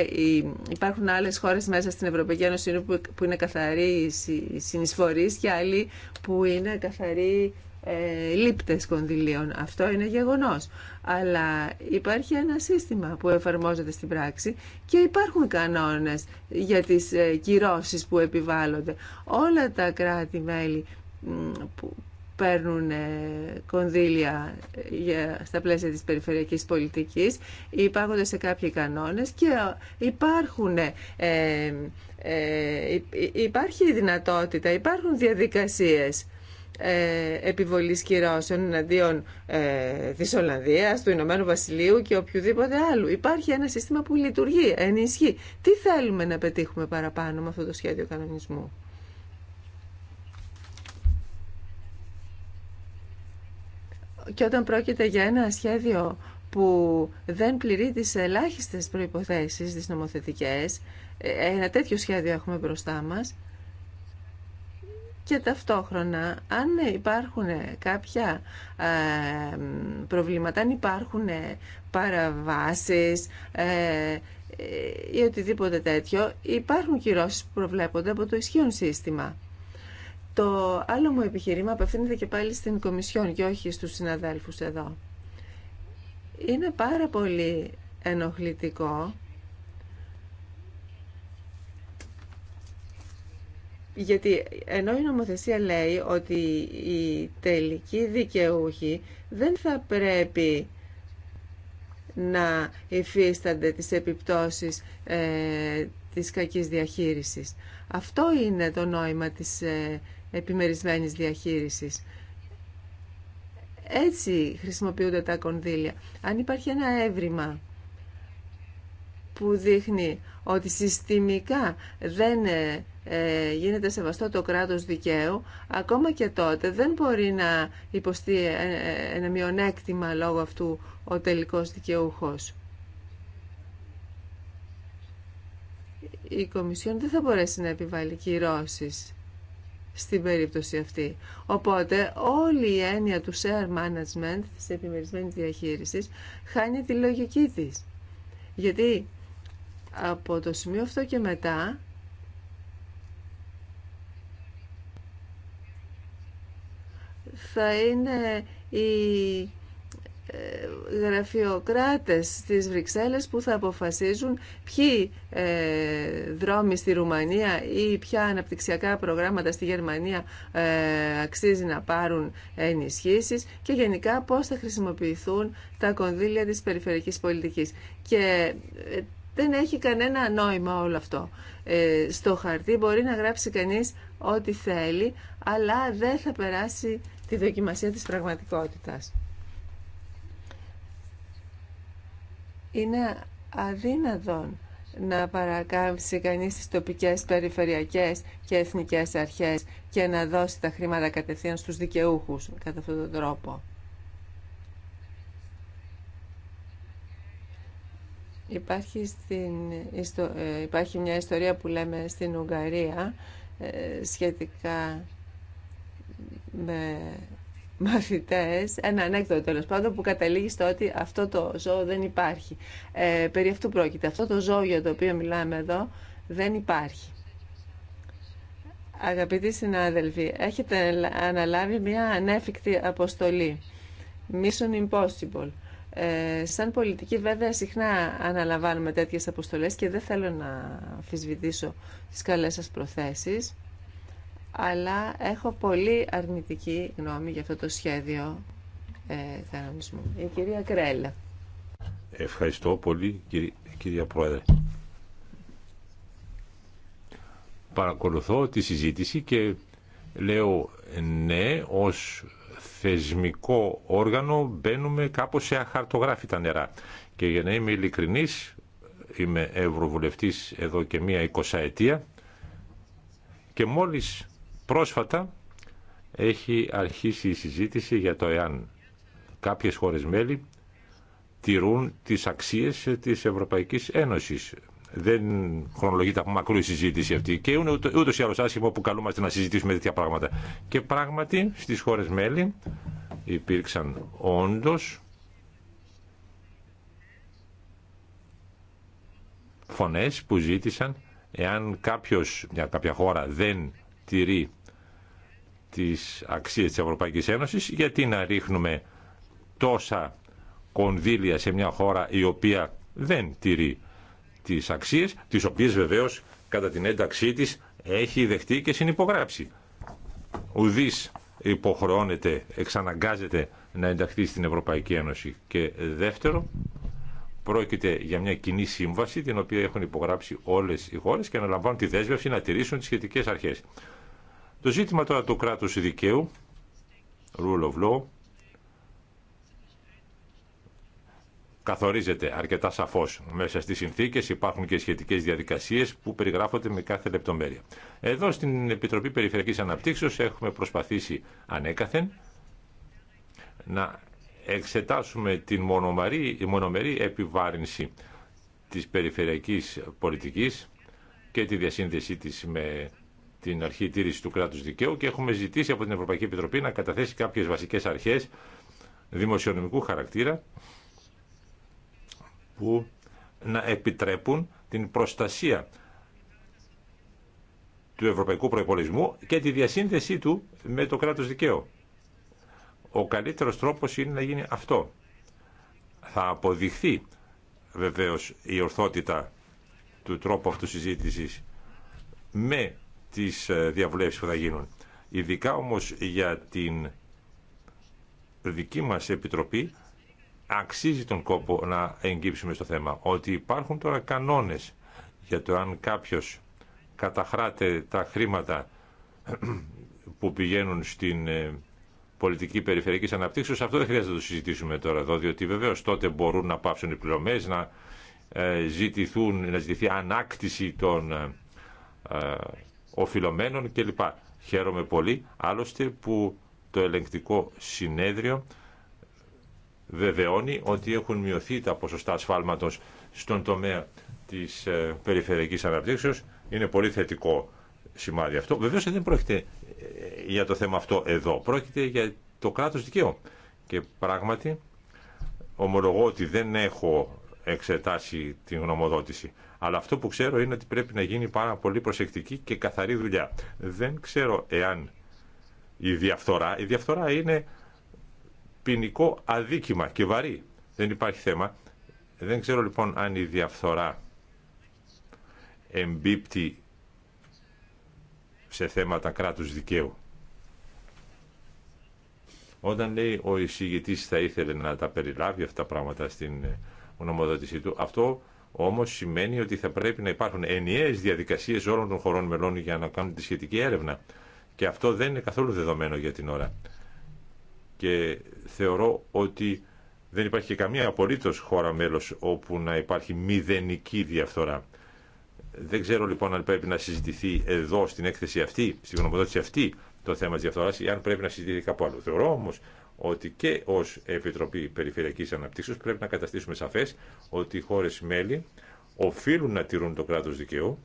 υπάρχουν άλλες χώρες μέσα στην Ευρωπαϊκή Ένωση που είναι καθαροί συνεισφορείς και άλλοι που είναι καθαροί ε, λήπτες κονδυλίων. Αυτό είναι γεγονός. Αλλά υπάρχει ένα σύστημα που εφαρμόζεται στην πράξη και υπάρχουν κανόνες για τις ε, κυρώσεις που επιβάλλονται. Όλα τα κράτη-μέλη που παίρνουν ε, κονδύλια στα πλαίσια της περιφερειακής πολιτικής, υπάρχονται σε κάποιοι κανόνες και υπάρχουν, υπάρχει δυνατότητα, υπάρχουν διαδικασίες ε, Επιβολή κυρώσεων εναντίον ε, της Ολλανδίας, του Ηνωμένου Βασιλείου και οποιοδήποτε άλλου. Υπάρχει ένα σύστημα που λειτουργεί, ενισχύει. Τι θέλουμε να πετύχουμε παραπάνω με αυτό το σχέδιο κανονισμού. Και όταν πρόκειται για ένα σχέδιο που δεν πληρεί τις ελάχιστες προϋποθέσεις, τις νομοθετικές, ε, ένα τέτοιο σχέδιο έχουμε μπροστά μας, και ταυτόχρονα αν υπάρχουν κάποια προβλήματα, αν υπάρχουν παραβάσεις ε, ε, ή οτιδήποτε τέτοιο, υπάρχουν κυρώσεις που προβλέπονται από το ισχύον σύστημα. Το άλλο μου επιχειρήμα απευθύνεται και πάλι στην Κομισιόν και όχι στους συναδέλφους εδώ. Είναι πάρα πολύ ενοχλητικό Γιατί ενώ η νομοθεσία λέει ότι οι τελικοί δικαιούχοι δεν θα πρέπει να υφίστανται τις επιπτώσεις ε, της κακής διαχείρισης. Αυτό είναι το νόημα της ε, επιμερισμένης διαχείρισης. Έτσι χρησιμοποιούνται τα κονδύλια. Αν υπάρχει ένα έβριμα που δείχνει ότι συστημικά δεν ε, ε, γίνεται σεβαστό το κράτος δικαίου, ακόμα και τότε δεν μπορεί να υποστεί ε, ένα μειονέκτημα λόγω αυτού ο τελικός δικαιούχος. Η Κομισιόν δεν θα μπορέσει να επιβάλλει κυρώσεις στην περίπτωση αυτή. Οπότε όλη η έννοια του share management, της επιμερισμένη διαχείρισης, χάνει τη λογική της. Γιατί από το σημείο αυτό και μετά θα είναι οι ε, γραφειοκράτες της Βρυξέλλες που θα αποφασίζουν ποιοι ε, δρόμοι στη Ρουμανία ή ποια αναπτυξιακά προγράμματα στη Γερμανία ε, αξίζει να πάρουν ενισχύσεις και γενικά πώς θα χρησιμοποιηθούν τα κονδύλια της περιφερειακής πολιτικής. Και δεν έχει κανένα νόημα όλο αυτό. Ε, στο χαρτί μπορεί να γράψει κανείς ό,τι θέλει, αλλά δεν θα περάσει τη δοκιμασία της πραγματικότητας. Είναι αδύνατον να παρακάμψει κανείς τις τοπικές, περιφερειακές και εθνικές αρχές και να δώσει τα χρήματα κατευθείαν στους δικαιούχους κατά αυτόν τον τρόπο. Υπάρχει, στην, ε, υπάρχει μια ιστορία που λέμε στην Ουγγαρία ε, σχετικά με μαθητές, ένα ανέκδοτο τέλο πάντων που καταλήγει στο ότι αυτό το ζώο δεν υπάρχει. Ε, περί αυτού πρόκειται. Αυτό το ζώο για το οποίο μιλάμε εδώ δεν υπάρχει. Αγαπητοί συνάδελφοι, έχετε αναλάβει μια ανέφικτη αποστολή. Mission impossible. Ε, σαν πολιτική βέβαια συχνά αναλαμβάνουμε τέτοιες αποστολές και δεν θέλω να αμφισβητήσω τις καλές σας προθέσεις αλλά έχω πολύ αρνητική γνώμη για αυτό το σχέδιο ε, κανονισμού. Η κυρία Κρέλα. Ευχαριστώ πολύ κυρία, κυρία Πρόεδρε. Παρακολουθώ τη συζήτηση και λέω ναι ως θεσμικό όργανο μπαίνουμε κάπως σε αχαρτογράφητα νερά. Και για να είμαι ειλικρινής, είμαι ευρωβουλευτής εδώ και μία εικοσαετία και μόλις πρόσφατα έχει αρχίσει η συζήτηση για το εάν κάποιες χώρες μέλη τηρούν τις αξίες της Ευρωπαϊκής Ένωσης δεν χρονολογείται από μακρού η συζήτηση αυτή και είναι ούτω ή άλλω άσχημο που καλούμαστε να συζητήσουμε τέτοια πράγματα. Και πράγματι στι χώρε μέλη υπήρξαν όντω φωνέ που ζήτησαν εάν κάποιος, μια κάποια χώρα δεν τηρεί τις αξίες της Ευρωπαϊκής Ένωσης, γιατί να ρίχνουμε τόσα κονδύλια σε μια χώρα η οποία δεν τηρεί τις αξίες, τις οποίες βεβαίως κατά την ένταξή της έχει δεχτεί και συνυπογράψει. Ουδής υποχρεώνεται, εξαναγκάζεται να ενταχθεί στην Ευρωπαϊκή Ένωση. Και δεύτερο, πρόκειται για μια κοινή σύμβαση την οποία έχουν υπογράψει όλες οι χώρες και αναλαμβάνουν τη δέσμευση να τηρήσουν τις σχετικές αρχές. Το ζήτημα τώρα του κράτους δικαίου, rule of law, καθορίζεται αρκετά σαφώ μέσα στι συνθήκε. Υπάρχουν και σχετικέ διαδικασίε που περιγράφονται με κάθε λεπτομέρεια. Εδώ στην Επιτροπή Περιφερειακή Αναπτύξεω έχουμε προσπαθήσει ανέκαθεν να εξετάσουμε την μονομερή, επιβάρυνση της περιφερειακής πολιτικής και τη διασύνδεσή της με την αρχή τήρηση του κράτους δικαίου και έχουμε ζητήσει από την Ευρωπαϊκή Επιτροπή να καταθέσει κάποιες βασικές αρχές δημοσιονομικού χαρακτήρα που να επιτρέπουν την προστασία του ευρωπαϊκού προϋπολισμού και τη διασύνδεσή του με το κράτος δικαίου. Ο καλύτερος τρόπος είναι να γίνει αυτό. Θα αποδειχθεί βεβαίως η ορθότητα του τρόπου αυτού συζήτηση με τις ε, διαβουλεύσεις που θα γίνουν. Ειδικά όμως για την δική μας Επιτροπή αξίζει τον κόπο να εγγύψουμε στο θέμα. Ότι υπάρχουν τώρα κανόνες για το αν κάποιος καταχράται τα χρήματα <clears throat> που πηγαίνουν στην ε, πολιτική περιφερειακή αναπτύξεως, αυτό δεν χρειάζεται να το συζητήσουμε τώρα εδώ, διότι βεβαίως τότε μπορούν να πάψουν οι πληρωμές, να, ε, ζητηθούν, να ζητηθεί ανάκτηση των ε, οφειλωμένων κλπ. Χαίρομαι πολύ, άλλωστε που το ελεγκτικό συνέδριο βεβαιώνει ότι έχουν μειωθεί τα ποσοστά ασφάλματος στον τομέα της ε, περιφερειακής αναπτύξεως. Είναι πολύ θετικό σημάδι αυτό. Βεβαίως δεν πρόκειται ε, για το θέμα αυτό εδώ. Πρόκειται για το κράτος δικαίου. Και πράγματι ομολογώ ότι δεν έχω εξετάσει την γνωμοδότηση. Αλλά αυτό που ξέρω είναι ότι πρέπει να γίνει πάρα πολύ προσεκτική και καθαρή δουλειά. Δεν ξέρω εάν η διαφθορά, η διαφθορά είναι ποινικό αδίκημα και βαρύ. Δεν υπάρχει θέμα. Δεν ξέρω λοιπόν αν η διαφθορά εμπίπτει σε θέματα κράτους δικαίου. Όταν λέει ο εισηγητής θα ήθελε να τα περιλάβει αυτά τα πράγματα στην ονομοδότησή ε, του, αυτό όμως σημαίνει ότι θα πρέπει να υπάρχουν ενιαίες διαδικασίες όλων των χωρών μελών για να κάνουν τη σχετική έρευνα. Και αυτό δεν είναι καθόλου δεδομένο για την ώρα και θεωρώ ότι δεν υπάρχει και καμία απολύτως χώρα μέλος όπου να υπάρχει μηδενική διαφθορά. Δεν ξέρω λοιπόν αν πρέπει να συζητηθεί εδώ στην έκθεση αυτή, στην γνωμοδότηση αυτή, το θέμα της διαφθοράς ή αν πρέπει να συζητηθεί κάπου άλλο. Θεωρώ όμως ότι και ως Επιτροπή Περιφερειακής Αναπτύξεως πρέπει να καταστήσουμε σαφές ότι οι χώρες μέλη οφείλουν να τηρούν το κράτος δικαίου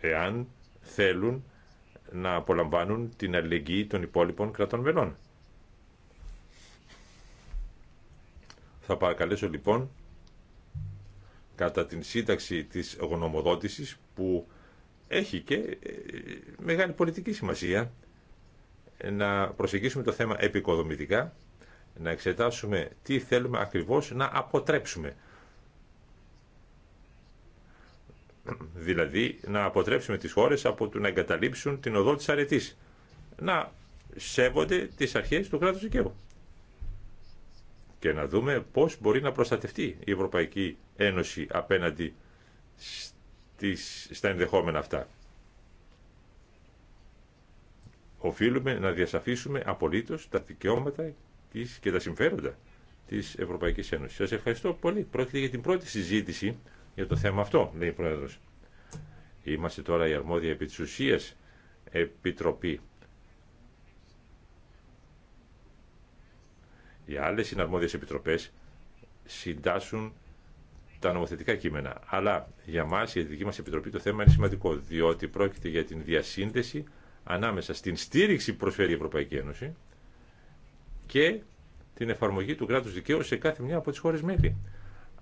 εάν θέλουν να απολαμβάνουν την αλληλεγγύη των υπόλοιπων κρατών μελών. Θα παρακαλέσω λοιπόν κατά την σύνταξη της γνωμοδότησης που έχει και ε, μεγάλη πολιτική σημασία να προσεγγίσουμε το θέμα επικοδομητικά, να εξετάσουμε τι θέλουμε ακριβώς να αποτρέψουμε. δηλαδή να αποτρέψουμε τις χώρες από το να εγκαταλείψουν την οδό της αρετής, να σέβονται τις αρχές του κράτους δικαίου και να δούμε πώς μπορεί να προστατευτεί η Ευρωπαϊκή Ένωση απέναντι στις, στα ενδεχόμενα αυτά. Οφείλουμε να διασαφίσουμε απολύτως τα δικαιώματα και τα συμφέροντα της Ευρωπαϊκής Ένωσης. Σας ευχαριστώ πολύ. Πρόκειται για την πρώτη συζήτηση για το θέμα αυτό, λέει η Πρόεδρος. Είμαστε τώρα η αρμόδια επί ουσίας επιτροπή. Οι άλλες συναρμόδιες επιτροπές συντάσσουν τα νομοθετικά κείμενα. Αλλά για μας, για τη δική μας επιτροπή, το θέμα είναι σημαντικό, διότι πρόκειται για την διασύνδεση ανάμεσα στην στήριξη που προσφέρει η Ευρωπαϊκή Ένωση και την εφαρμογή του κράτους δικαίου σε κάθε μια από τις χώρες μέλη.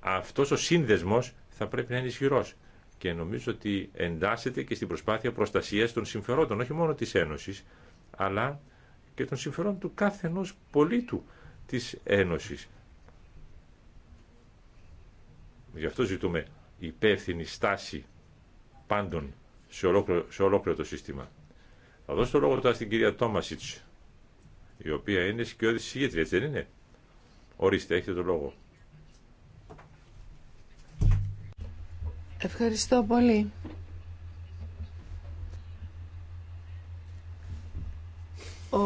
Αυτός ο σύνδεσμος θα πρέπει να είναι ισχυρό. Και νομίζω ότι εντάσσεται και στην προσπάθεια προστασία των συμφερόντων, όχι μόνο τη Ένωση, αλλά και των συμφερόντων του κάθε ενό πολίτου τη Ένωση. Γι' αυτό ζητούμε υπεύθυνη στάση πάντων σε ολόκληρο, το σύστημα. Θα δώσω το λόγο τώρα στην κυρία Τόμασιτς, η οποία είναι σκιώδη συγγήτρια, έτσι δεν είναι. Ορίστε, έχετε το λόγο. Ευχαριστώ πολύ. Ο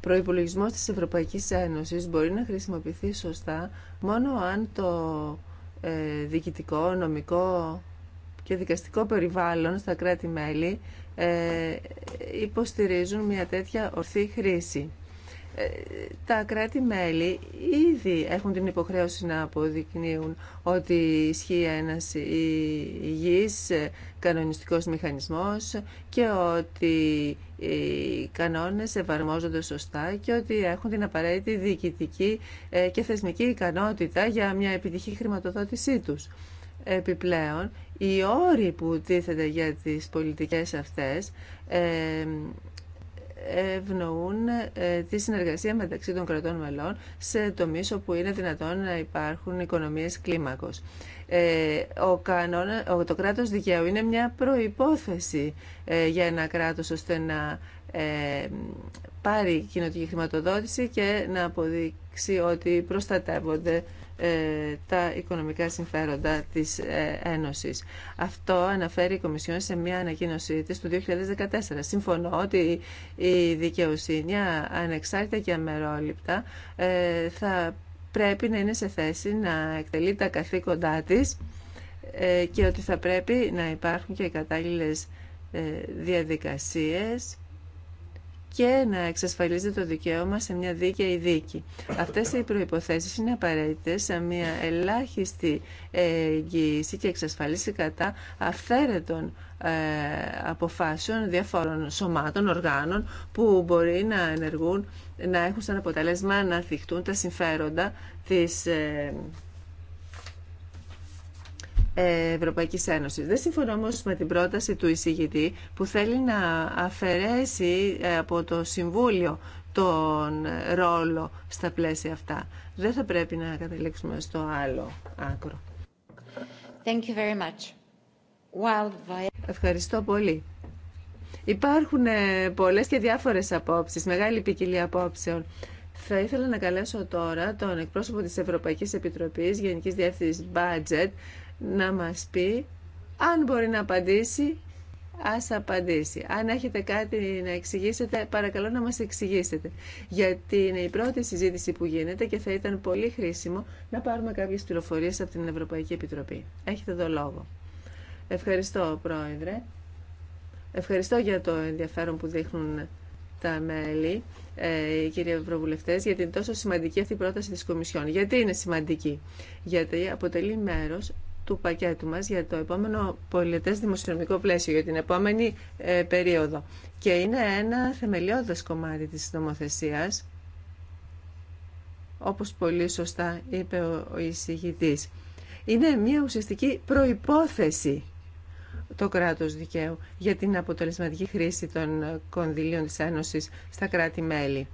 προϋπολογισμός της Ευρωπαϊκής Ένωσης μπορεί να χρησιμοποιηθεί σωστά μόνο αν το ε, διοικητικό, νομικό και δικαστικό περιβάλλον στα κράτη-μέλη ε, υποστηρίζουν μια τέτοια ορθή χρήση. Ε, τα κράτη-μέλη ήδη έχουν την υποχρέωση να αποδεικνύουν ότι ισχύει ένας υγιής κανονιστικός μηχανισμός και ότι οι κανόνες εφαρμόζονται σωστά και ότι έχουν την απαραίτητη διοικητική ε, και θεσμική ικανότητα για μια επιτυχή χρηματοδότησή τους. Επιπλέον, οι όροι που τίθεται για τις πολιτικές αυτές ε, ευνοούν ε, τη συνεργασία μεταξύ των κρατών μελών σε τομείς όπου είναι δυνατόν να υπάρχουν οικονομίες κλίμακος. Ε, ο κανόνα, το κράτος δικαίου είναι μια προϋπόθεση ε, για ένα κράτος ώστε να πάρει κοινωτική χρηματοδότηση και να αποδείξει ότι προστατεύονται ε, τα οικονομικά συμφέροντα της ε, Ένωσης. Αυτό αναφέρει η Κομισιόν σε μια ανακοίνωσή της του 2014. Συμφωνώ ότι η δικαιοσύνη ανεξάρτητα και αμερόληπτα ε, θα πρέπει να είναι σε θέση να εκτελεί τα καθήκοντά της και ότι θα πρέπει να υπάρχουν και οι κατάλληλες διαδικασίες και να εξασφαλίζεται το δικαίωμα σε μια δίκαιη δίκη. Αυτές οι προϋποθέσεις είναι απαραίτητες σε μια ελάχιστη εγγύηση και εξασφαλίση κατά αυθαίρετων ε, αποφάσεων διαφόρων σωμάτων, οργάνων που μπορεί να ενεργούν, να έχουν σαν αποτέλεσμα να θυχτούν τα συμφέροντα της ε, Ευρωπαϊκή Ένωση. Δεν συμφωνώ όμως με την πρόταση του εισηγητή που θέλει να αφαιρέσει ε, από το Συμβούλιο τον ε, ρόλο στα πλαίσια αυτά. Δεν θα πρέπει να καταλήξουμε στο άλλο άκρο. Thank you very much. Ευχαριστώ πολύ. Υπάρχουν ε, πολλές και διάφορες απόψεις, μεγάλη ποικιλία απόψεων. Θα ήθελα να καλέσω τώρα τον εκπρόσωπο της Ευρωπαϊκής Επιτροπής Γενικής Διεύθυνσης Budget να μας πει αν μπορεί να απαντήσει ας απαντήσει. Αν έχετε κάτι να εξηγήσετε, παρακαλώ να μας εξηγήσετε. Γιατί είναι η πρώτη συζήτηση που γίνεται και θα ήταν πολύ χρήσιμο να πάρουμε κάποιες πληροφορίες από την Ευρωπαϊκή Επιτροπή. Έχετε εδώ λόγο. Ευχαριστώ, Πρόεδρε. Ευχαριστώ για το ενδιαφέρον που δείχνουν τα μέλη, ε, κύριοι Ευρωβουλευτέ, για την τόσο σημαντική αυτή η πρόταση τη Κομισιόν. Γιατί είναι σημαντική, Γιατί αποτελεί μέρο του πακέτου μας για το επόμενο πολιτές δημοσιονομικό πλαίσιο, για την επόμενη ε, περίοδο. Και είναι ένα θεμελιώδες κομμάτι της νομοθεσίας, όπως πολύ σωστά είπε ο, ο Είναι μια ουσιαστική προϋπόθεση το κράτος δικαίου για την αποτελεσματική χρήση των κονδυλίων της Ένωσης στα κράτη-μέλη.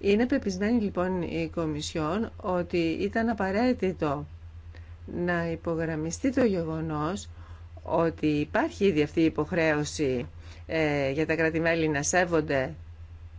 Είναι πεπισμένη λοιπόν η Κομισιόν ότι ήταν απαραίτητο να υπογραμμιστεί το γεγονός ότι υπάρχει ήδη αυτή η υποχρέωση ε, για τα κρατη να σέβονται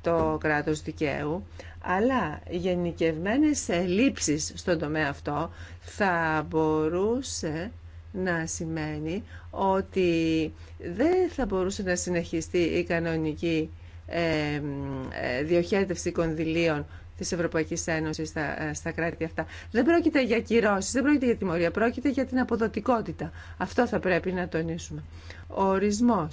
το κράτος δικαίου, αλλά γενικευμένες ελλείψεις στον τομέα αυτό θα μπορούσε να σημαίνει ότι δεν θα μπορούσε να συνεχιστεί η κανονική ε, ε, διοχέτευση κονδυλίων τη Ευρωπαϊκή Ένωση στα, ε, στα κράτη αυτά. Δεν πρόκειται για κυρώσει, δεν πρόκειται για τιμωρία, πρόκειται για την αποδοτικότητα. Αυτό θα πρέπει να τονίσουμε. Ο ορισμό.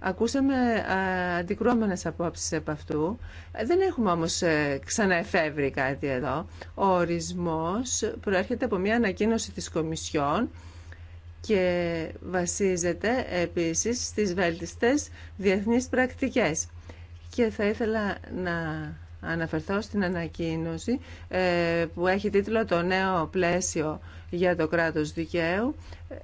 Ακούσαμε ε, αντικρουόμενες απόψεις από αυτού. Ε, δεν έχουμε όμως ξαναεφεύρει κάτι εδώ. Ο ορισμός προέρχεται από μια ανακοίνωση τη Κομισιόν και βασίζεται επίσης στις βέλτιστες διεθνείς πρακτικές. Και θα ήθελα να αναφερθώ στην ανακοίνωση ε, που έχει τίτλο «Το νέο πλαίσιο για το κράτος δικαίου». Ε,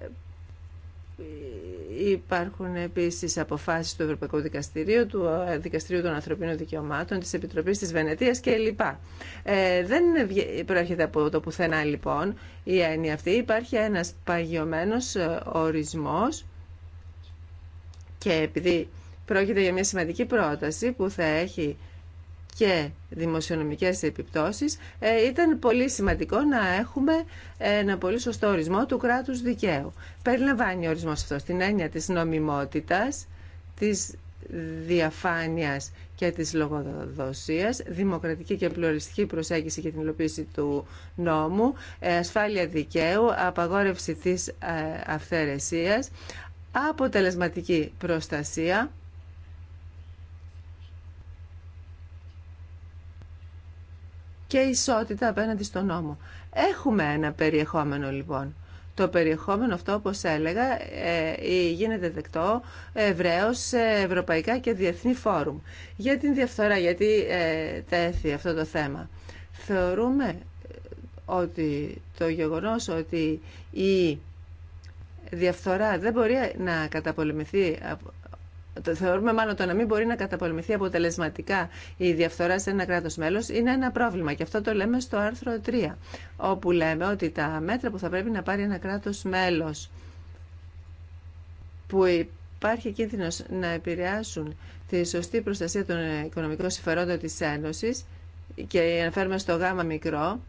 υπάρχουν επίσης αποφάσεις του Ευρωπαϊκού Δικαστηρίου, του ε, Δικαστηρίου των Ανθρωπίνων Δικαιωμάτων, της Επιτροπής της Βενετίας κλπ. Ε, δεν προέρχεται από το πουθενά λοιπόν η έννοια αυτή. Υπάρχει ένας παγιωμένος ορισμός και επειδή πρόκειται για μια σημαντική πρόταση που θα έχει και δημοσιονομικές επιπτώσεις, ε, ήταν πολύ σημαντικό να έχουμε ένα πολύ σωστό ορισμό του κράτους δικαίου. Περιλαμβάνει ο ορισμός αυτός την έννοια της νομιμότητας, της διαφάνειας και της λογοδοσίας, δημοκρατική και πλουριστική προσέγγιση για την υλοποίηση του νόμου, ε, ασφάλεια δικαίου, απαγόρευση της ε, αυθαιρεσίας, αποτελεσματική προστασία και ισότητα απέναντι στον νόμο. Έχουμε ένα περιεχόμενο λοιπόν. Το περιεχόμενο αυτό, όπως έλεγα, ε, γίνεται δεκτό ευρέως σε ευρωπαϊκά και διεθνή φόρουμ. Για την διαφθορά, γιατί ε, τέθη αυτό το θέμα. Θεωρούμε ε, ότι το γεγονός ότι η διαφθορά δεν μπορεί να καταπολεμηθεί το θεωρούμε μάλλον το να μην μπορεί να καταπολεμηθεί αποτελεσματικά η διαφθορά σε ένα κράτο μέλο είναι ένα πρόβλημα. Και αυτό το λέμε στο άρθρο 3, όπου λέμε ότι τα μέτρα που θα πρέπει να πάρει ένα κράτο μέλο που υπάρχει κίνδυνο να επηρεάσουν τη σωστή προστασία των οικονομικών συμφερόντων τη Ένωση και αναφέρουμε στο γάμα μικρό,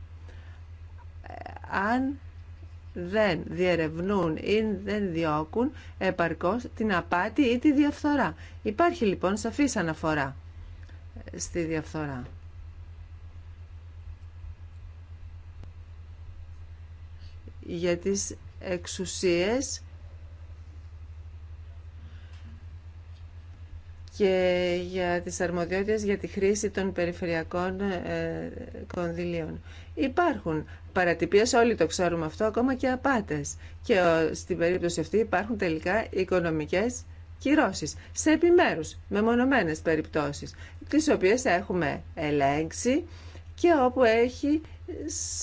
ε, αν δεν διερευνούν ή δεν διώκουν επαρκώς την απάτη ή τη διαφθορά. Υπάρχει λοιπόν σαφής αναφορά στη διαφθορά. Για τις εξουσίες και για τις αρμοδιότητες για τη χρήση των περιφερειακών ε, κονδυλίων. Υπάρχουν παρατυπίες, όλοι το ξέρουμε αυτό, ακόμα και απάτες. Και στην περίπτωση αυτή υπάρχουν τελικά οικονομικές κυρώσεις σε επιμέρους, μονομένες περιπτώσεις, τις οποίες έχουμε ελέγξει και όπου έχει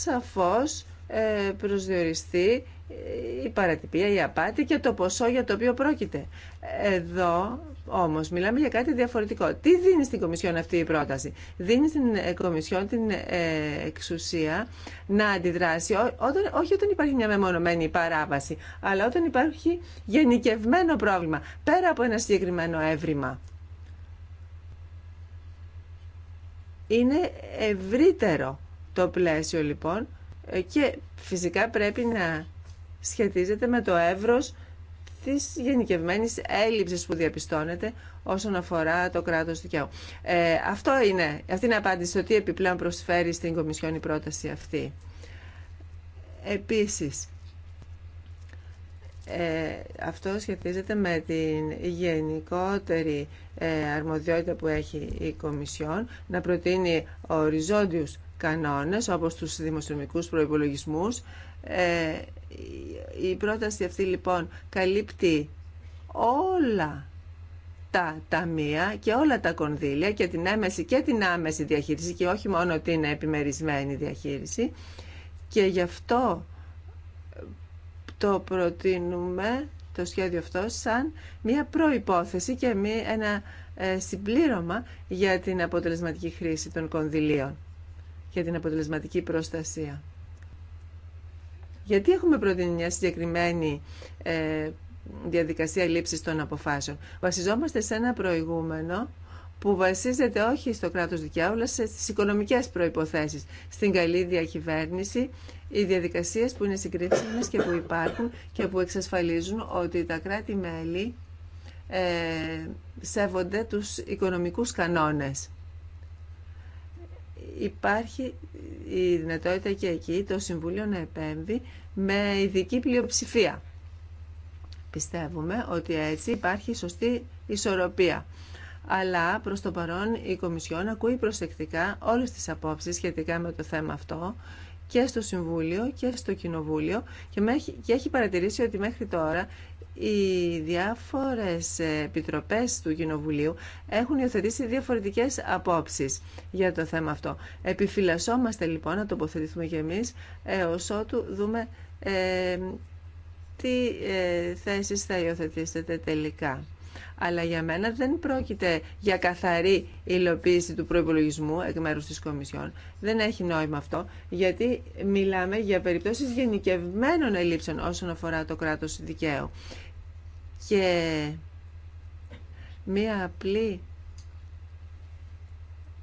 σαφώς ε, προσδιοριστεί ε, η παρατυπία, η απάτη και το ποσό για το οποίο πρόκειται. Εδώ Όμω, μιλάμε για κάτι διαφορετικό. Τι δίνει στην Κομισιόν αυτή η πρόταση. Δίνει στην ε, Κομισιόν την ε, εξουσία να αντιδράσει, όταν, όχι όταν υπάρχει μια μεμονωμένη παράβαση, αλλά όταν υπάρχει γενικευμένο πρόβλημα, πέρα από ένα συγκεκριμένο έβριμα. Είναι ευρύτερο το πλαίσιο λοιπόν ε, και φυσικά πρέπει να σχετίζεται με το εύρος Τη γενικευμένη έλλειψη που διαπιστώνεται όσον αφορά το κράτος δικαίου. Ε, αυτό είναι, αυτή είναι η απάντηση ότι επιπλέον προσφέρει στην Κομισιόν η πρόταση αυτή. Επίσης, ε, αυτό σχετίζεται με την γενικότερη ε, αρμοδιότητα που έχει η Κομισιόν να προτείνει οριζόντιους κανόνες όπως τους δημοσιονομικούς προϋπολογισμούς. Ε, η πρόταση αυτή λοιπόν καλύπτει όλα τα ταμεία και όλα τα κονδύλια και την έμεση και την άμεση διαχείριση και όχι μόνο την επιμερισμένη διαχείριση και γι' αυτό το προτείνουμε το σχέδιο αυτό σαν μια προϋπόθεση και μη ένα ε, συμπλήρωμα για την αποτελεσματική χρήση των κονδυλίων για την αποτελεσματική προστασία. Γιατί έχουμε προτείνει μια συγκεκριμένη ε, διαδικασία λήψης των αποφάσεων. Βασιζόμαστε σε ένα προηγούμενο που βασίζεται όχι στο κράτος δικαίου, αλλά στις οικονομικές προϋποθέσεις, στην καλή διακυβέρνηση, οι διαδικασίες που είναι συγκρίσιμες και που υπάρχουν και που εξασφαλίζουν ότι τα κράτη-μέλη ε, σέβονται τους οικονομικούς κανόνες υπάρχει η δυνατότητα και εκεί το Συμβούλιο να επέμβει με ειδική πλειοψηφία. Πιστεύουμε ότι έτσι υπάρχει σωστή ισορροπία. Αλλά προς το παρόν η Κομισιόν ακούει προσεκτικά όλες τις απόψεις σχετικά με το θέμα αυτό και στο Συμβούλιο και στο Κοινοβούλιο και έχει παρατηρήσει ότι μέχρι τώρα οι διάφορες επιτροπές του Κοινοβουλίου έχουν υιοθετήσει διαφορετικές απόψεις για το θέμα αυτό. Επιφυλασσόμαστε λοιπόν να τοποθετηθούμε και εμείς έως ότου δούμε ε, τι ε, θέσεις θα υιοθετήσετε τελικά αλλά για μένα δεν πρόκειται για καθαρή υλοποίηση του προϋπολογισμού εκ μέρου τη Κομισιόν. Δεν έχει νόημα αυτό, γιατί μιλάμε για περιπτώσεις γενικευμένων ελλείψεων όσον αφορά το κράτος δικαίου. Και μία απλή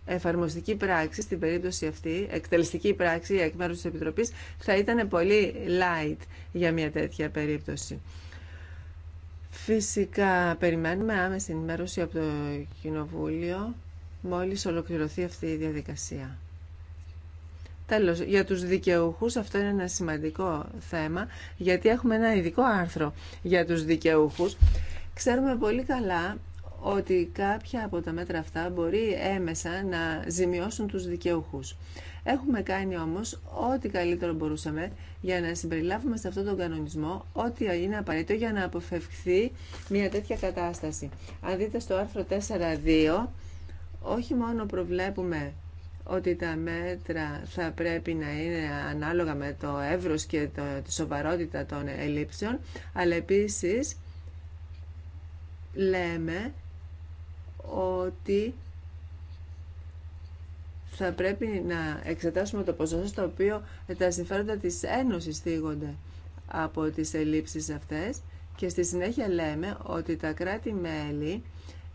εφαρμοστική πράξη, στην περίπτωση αυτή, εκτελεστική πράξη εκ μέρους της Επιτροπής, θα ήταν πολύ light για μια τέτοια περίπτωση. Φυσικά περιμένουμε άμεση ενημέρωση από το Κοινοβούλιο μόλις ολοκληρωθεί αυτή η διαδικασία. Τέλος, για τους δικαιούχους αυτό είναι ένα σημαντικό θέμα γιατί έχουμε ένα ειδικό άρθρο για τους δικαιούχους. Ξέρουμε πολύ καλά ότι κάποια από τα μέτρα αυτά μπορεί έμεσα να ζημιώσουν τους δικαιούχους. Έχουμε κάνει όμως ό,τι καλύτερο μπορούσαμε για να συμπεριλάβουμε σε αυτόν τον κανονισμό ό,τι είναι απαραίτητο για να αποφευχθεί μια τέτοια κατάσταση. Αν δείτε στο άρθρο 4.2, όχι μόνο προβλέπουμε ότι τα μέτρα θα πρέπει να είναι ανάλογα με το εύρος και το, τη σοβαρότητα των ελλείψεων, αλλά επίσης λέμε ότι θα πρέπει να εξετάσουμε το ποσοστό στο οποίο τα συμφέροντα της Ένωσης θίγονται από τις ελλείψεις αυτές και στη συνέχεια λέμε ότι τα κράτη-μέλη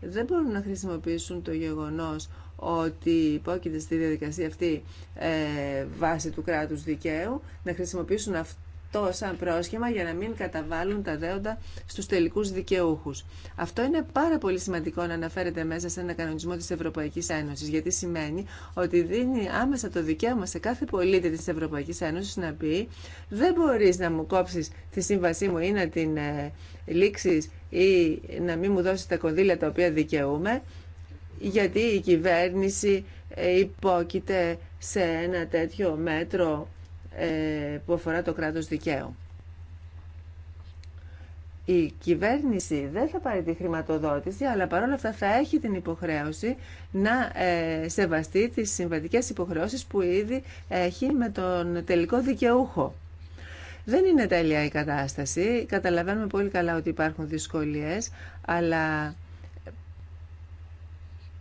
δεν μπορούν να χρησιμοποιήσουν το γεγονός ότι υπόκειται στη διαδικασία αυτή ε, βάση του κράτους δικαίου, να χρησιμοποιήσουν αυτό αυτό σαν πρόσχημα για να μην καταβάλουν τα δέοντα στους τελικούς δικαιούχους. Αυτό είναι πάρα πολύ σημαντικό να αναφέρεται μέσα σε ένα κανονισμό της Ευρωπαϊκής Ένωσης, γιατί σημαίνει ότι δίνει άμεσα το δικαίωμα σε κάθε πολίτη της Ευρωπαϊκής Ένωσης να πει δεν μπορεί να μου κόψει τη σύμβασή μου ή να την ε, ή να μην μου δώσει τα κονδύλια τα οποία δικαιούμαι, γιατί η κυβέρνηση ε, υπόκειται σε ένα τέτοιο μέτρο ε, που αφορά το κράτος δικαίου. Η κυβέρνηση δεν θα πάρει τη χρηματοδότηση, αλλά παρόλα αυτά θα έχει την υποχρέωση να ε, σεβαστεί τις συμβατικές υποχρεώσεις που ήδη έχει με τον τελικό δικαιούχο. Δεν είναι τέλεια η κατάσταση. Καταλαβαίνουμε πολύ καλά ότι υπάρχουν δυσκολίες, αλλά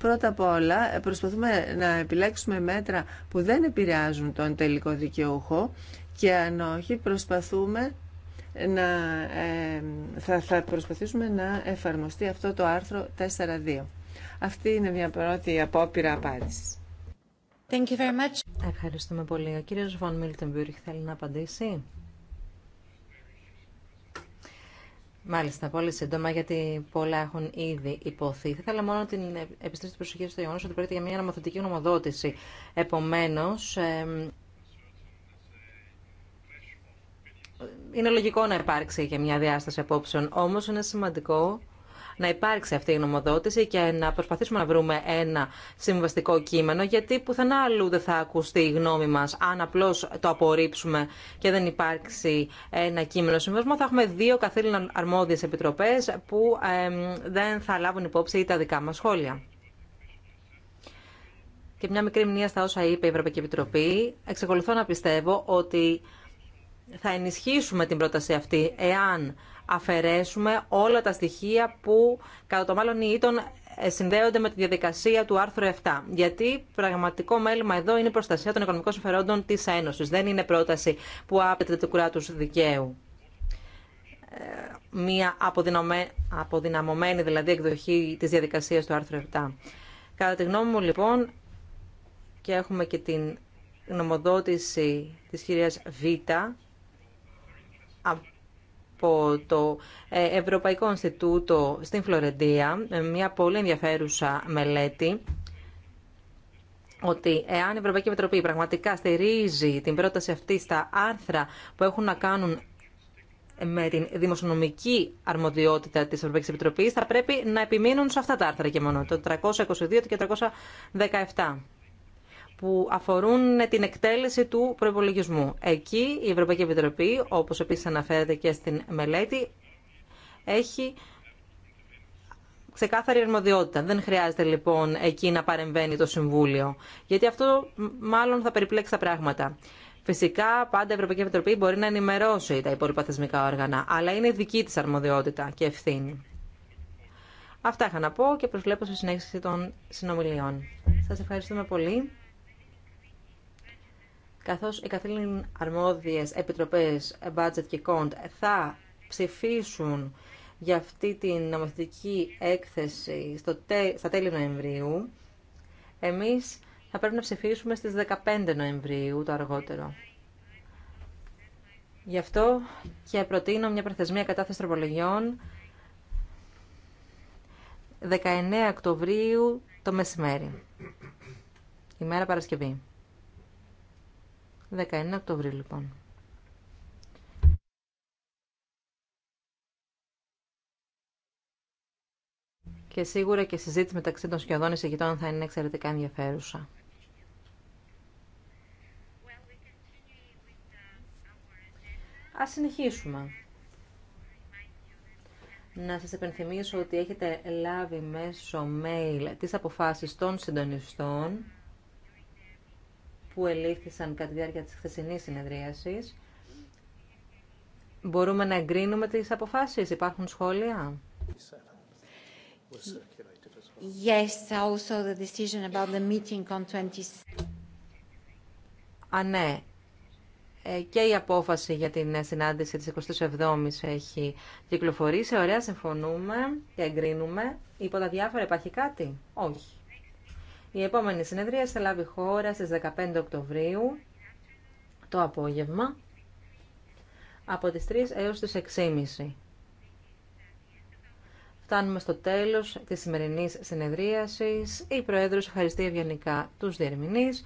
Πρώτα απ' όλα προσπαθούμε να επιλέξουμε μέτρα που δεν επηρεάζουν τον τελικό δικαιούχο και αν όχι προσπαθούμε να, θα, προσπαθήσουμε να εφαρμοστεί αυτό το άρθρο 4.2. Αυτή είναι μια πρώτη απόπειρα απάντησης. Thank you very much. Ευχαριστούμε πολύ. Ο κύριος Βον Μίλτεμπιουρ θέλει να απαντήσει. Μάλιστα, πολύ σύντομα, γιατί πολλά έχουν ήδη υποθεί. Θα ήθελα μόνο την επιστρέψη τη προσοχή στο γεγονό ότι πρόκειται για μια νομοθετική γνωμοδότηση. Επομένω, είναι λογικό να υπάρξει και μια διάσταση απόψεων. Όμω, είναι σημαντικό να υπάρξει αυτή η γνωμοδότηση και να προσπαθήσουμε να βρούμε ένα συμβαστικό κείμενο, γιατί πουθενά αλλού δεν θα ακουστεί η γνώμη μα. Αν απλώ το απορρίψουμε και δεν υπάρξει ένα κείμενο συμβασμό, θα έχουμε δύο καθήλυνα αρμόδιε επιτροπέ που δεν θα λάβουν υπόψη τα δικά μα σχόλια. Και μια μικρή μνήμα στα όσα είπε η Ευρωπαϊκή Επιτροπή. Εξακολουθώ να πιστεύω ότι θα ενισχύσουμε την πρόταση αυτή εάν αφαιρέσουμε όλα τα στοιχεία που κατά το μάλλον ή τον ε, συνδέονται με τη διαδικασία του άρθρου 7. Γιατί πραγματικό μέλημα εδώ είναι η προστασία των οικονομικών συμφερόντων τη Ένωση. Δεν είναι πρόταση που άπεται του κράτου δικαίου. Ε, μία αποδυναμωμένη δηλαδή εκδοχή της διαδικασίας του άρθρου 7. Κατά τη γνώμη μου λοιπόν, και έχουμε και την νομοδότηση της κυρίας Β, από το ε, Ευρωπαϊκό Ινστιτούτο στην Φλωρεντία, ε, μια πολύ ενδιαφέρουσα μελέτη, ότι εάν η Ευρωπαϊκή Επιτροπή πραγματικά στηρίζει την πρόταση αυτή στα άρθρα που έχουν να κάνουν με την δημοσιονομική αρμοδιότητα της Ευρωπαϊκής Επιτροπής, θα πρέπει να επιμείνουν σε αυτά τα άρθρα και μόνο, το 322 και 317 που αφορούν την εκτέλεση του προπολογισμού. Εκεί η Ευρωπαϊκή Επιτροπή, όπως επίσης αναφέρεται και στην μελέτη, έχει ξεκάθαρη αρμοδιότητα. Δεν χρειάζεται λοιπόν εκεί να παρεμβαίνει το Συμβούλιο, γιατί αυτό μάλλον θα περιπλέξει τα πράγματα. Φυσικά, πάντα η Ευρωπαϊκή Επιτροπή μπορεί να ενημερώσει τα υπόλοιπα θεσμικά όργανα, αλλά είναι δική της αρμοδιότητα και ευθύνη. Αυτά είχα να πω και προσβλέπω στη συνέχιση των συνομιλιών. Σας ευχαριστούμε πολύ καθώς οι καθήλυν αρμόδιες επιτροπές budget και κοντ θα ψηφίσουν για αυτή την νομοθετική έκθεση στο τε, στα τέλη Νοεμβρίου, εμείς θα πρέπει να ψηφίσουμε στις 15 Νοεμβρίου το αργότερο. Γι' αυτό και προτείνω μια προθεσμία κατάθεση τροπολογιών 19 Οκτωβρίου το μεσημέρι, ημέρα Παρασκευή. 19 Οκτωβρίου λοιπόν. Και σίγουρα και η συζήτηση μεταξύ των σχεδόν εισηγητών θα είναι εξαιρετικά ενδιαφέρουσα. Ας συνεχίσουμε. Να σας επενθυμίσω ότι έχετε λάβει μέσω mail τις αποφάσεις των συντονιστών που ελήφθησαν κατά τη διάρκεια της χθεσινής συνεδρίασης. Μπορούμε να εγκρίνουμε τις αποφάσεις. Υπάρχουν σχόλια. Α, ναι. Ε, και η απόφαση για την συνάντηση της 27ης έχει κυκλοφορήσει. Ωραία, συμφωνούμε και εγκρίνουμε. Υπό τα διάφορα υπάρχει κάτι. Όχι. Η επόμενη συνεδρία θα λάβει χώρα στις 15 Οκτωβρίου το απόγευμα από τις 3 έως τις 6.30. Φτάνουμε στο τέλος της σημερινής συνεδρίασης. Η Προέδρος ευχαριστεί ευγενικά τους διερμηνείς.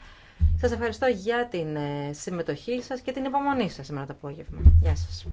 Σας ευχαριστώ για την ε, συμμετοχή σας και την υπομονή σας σήμερα το απόγευμα. Γεια σας.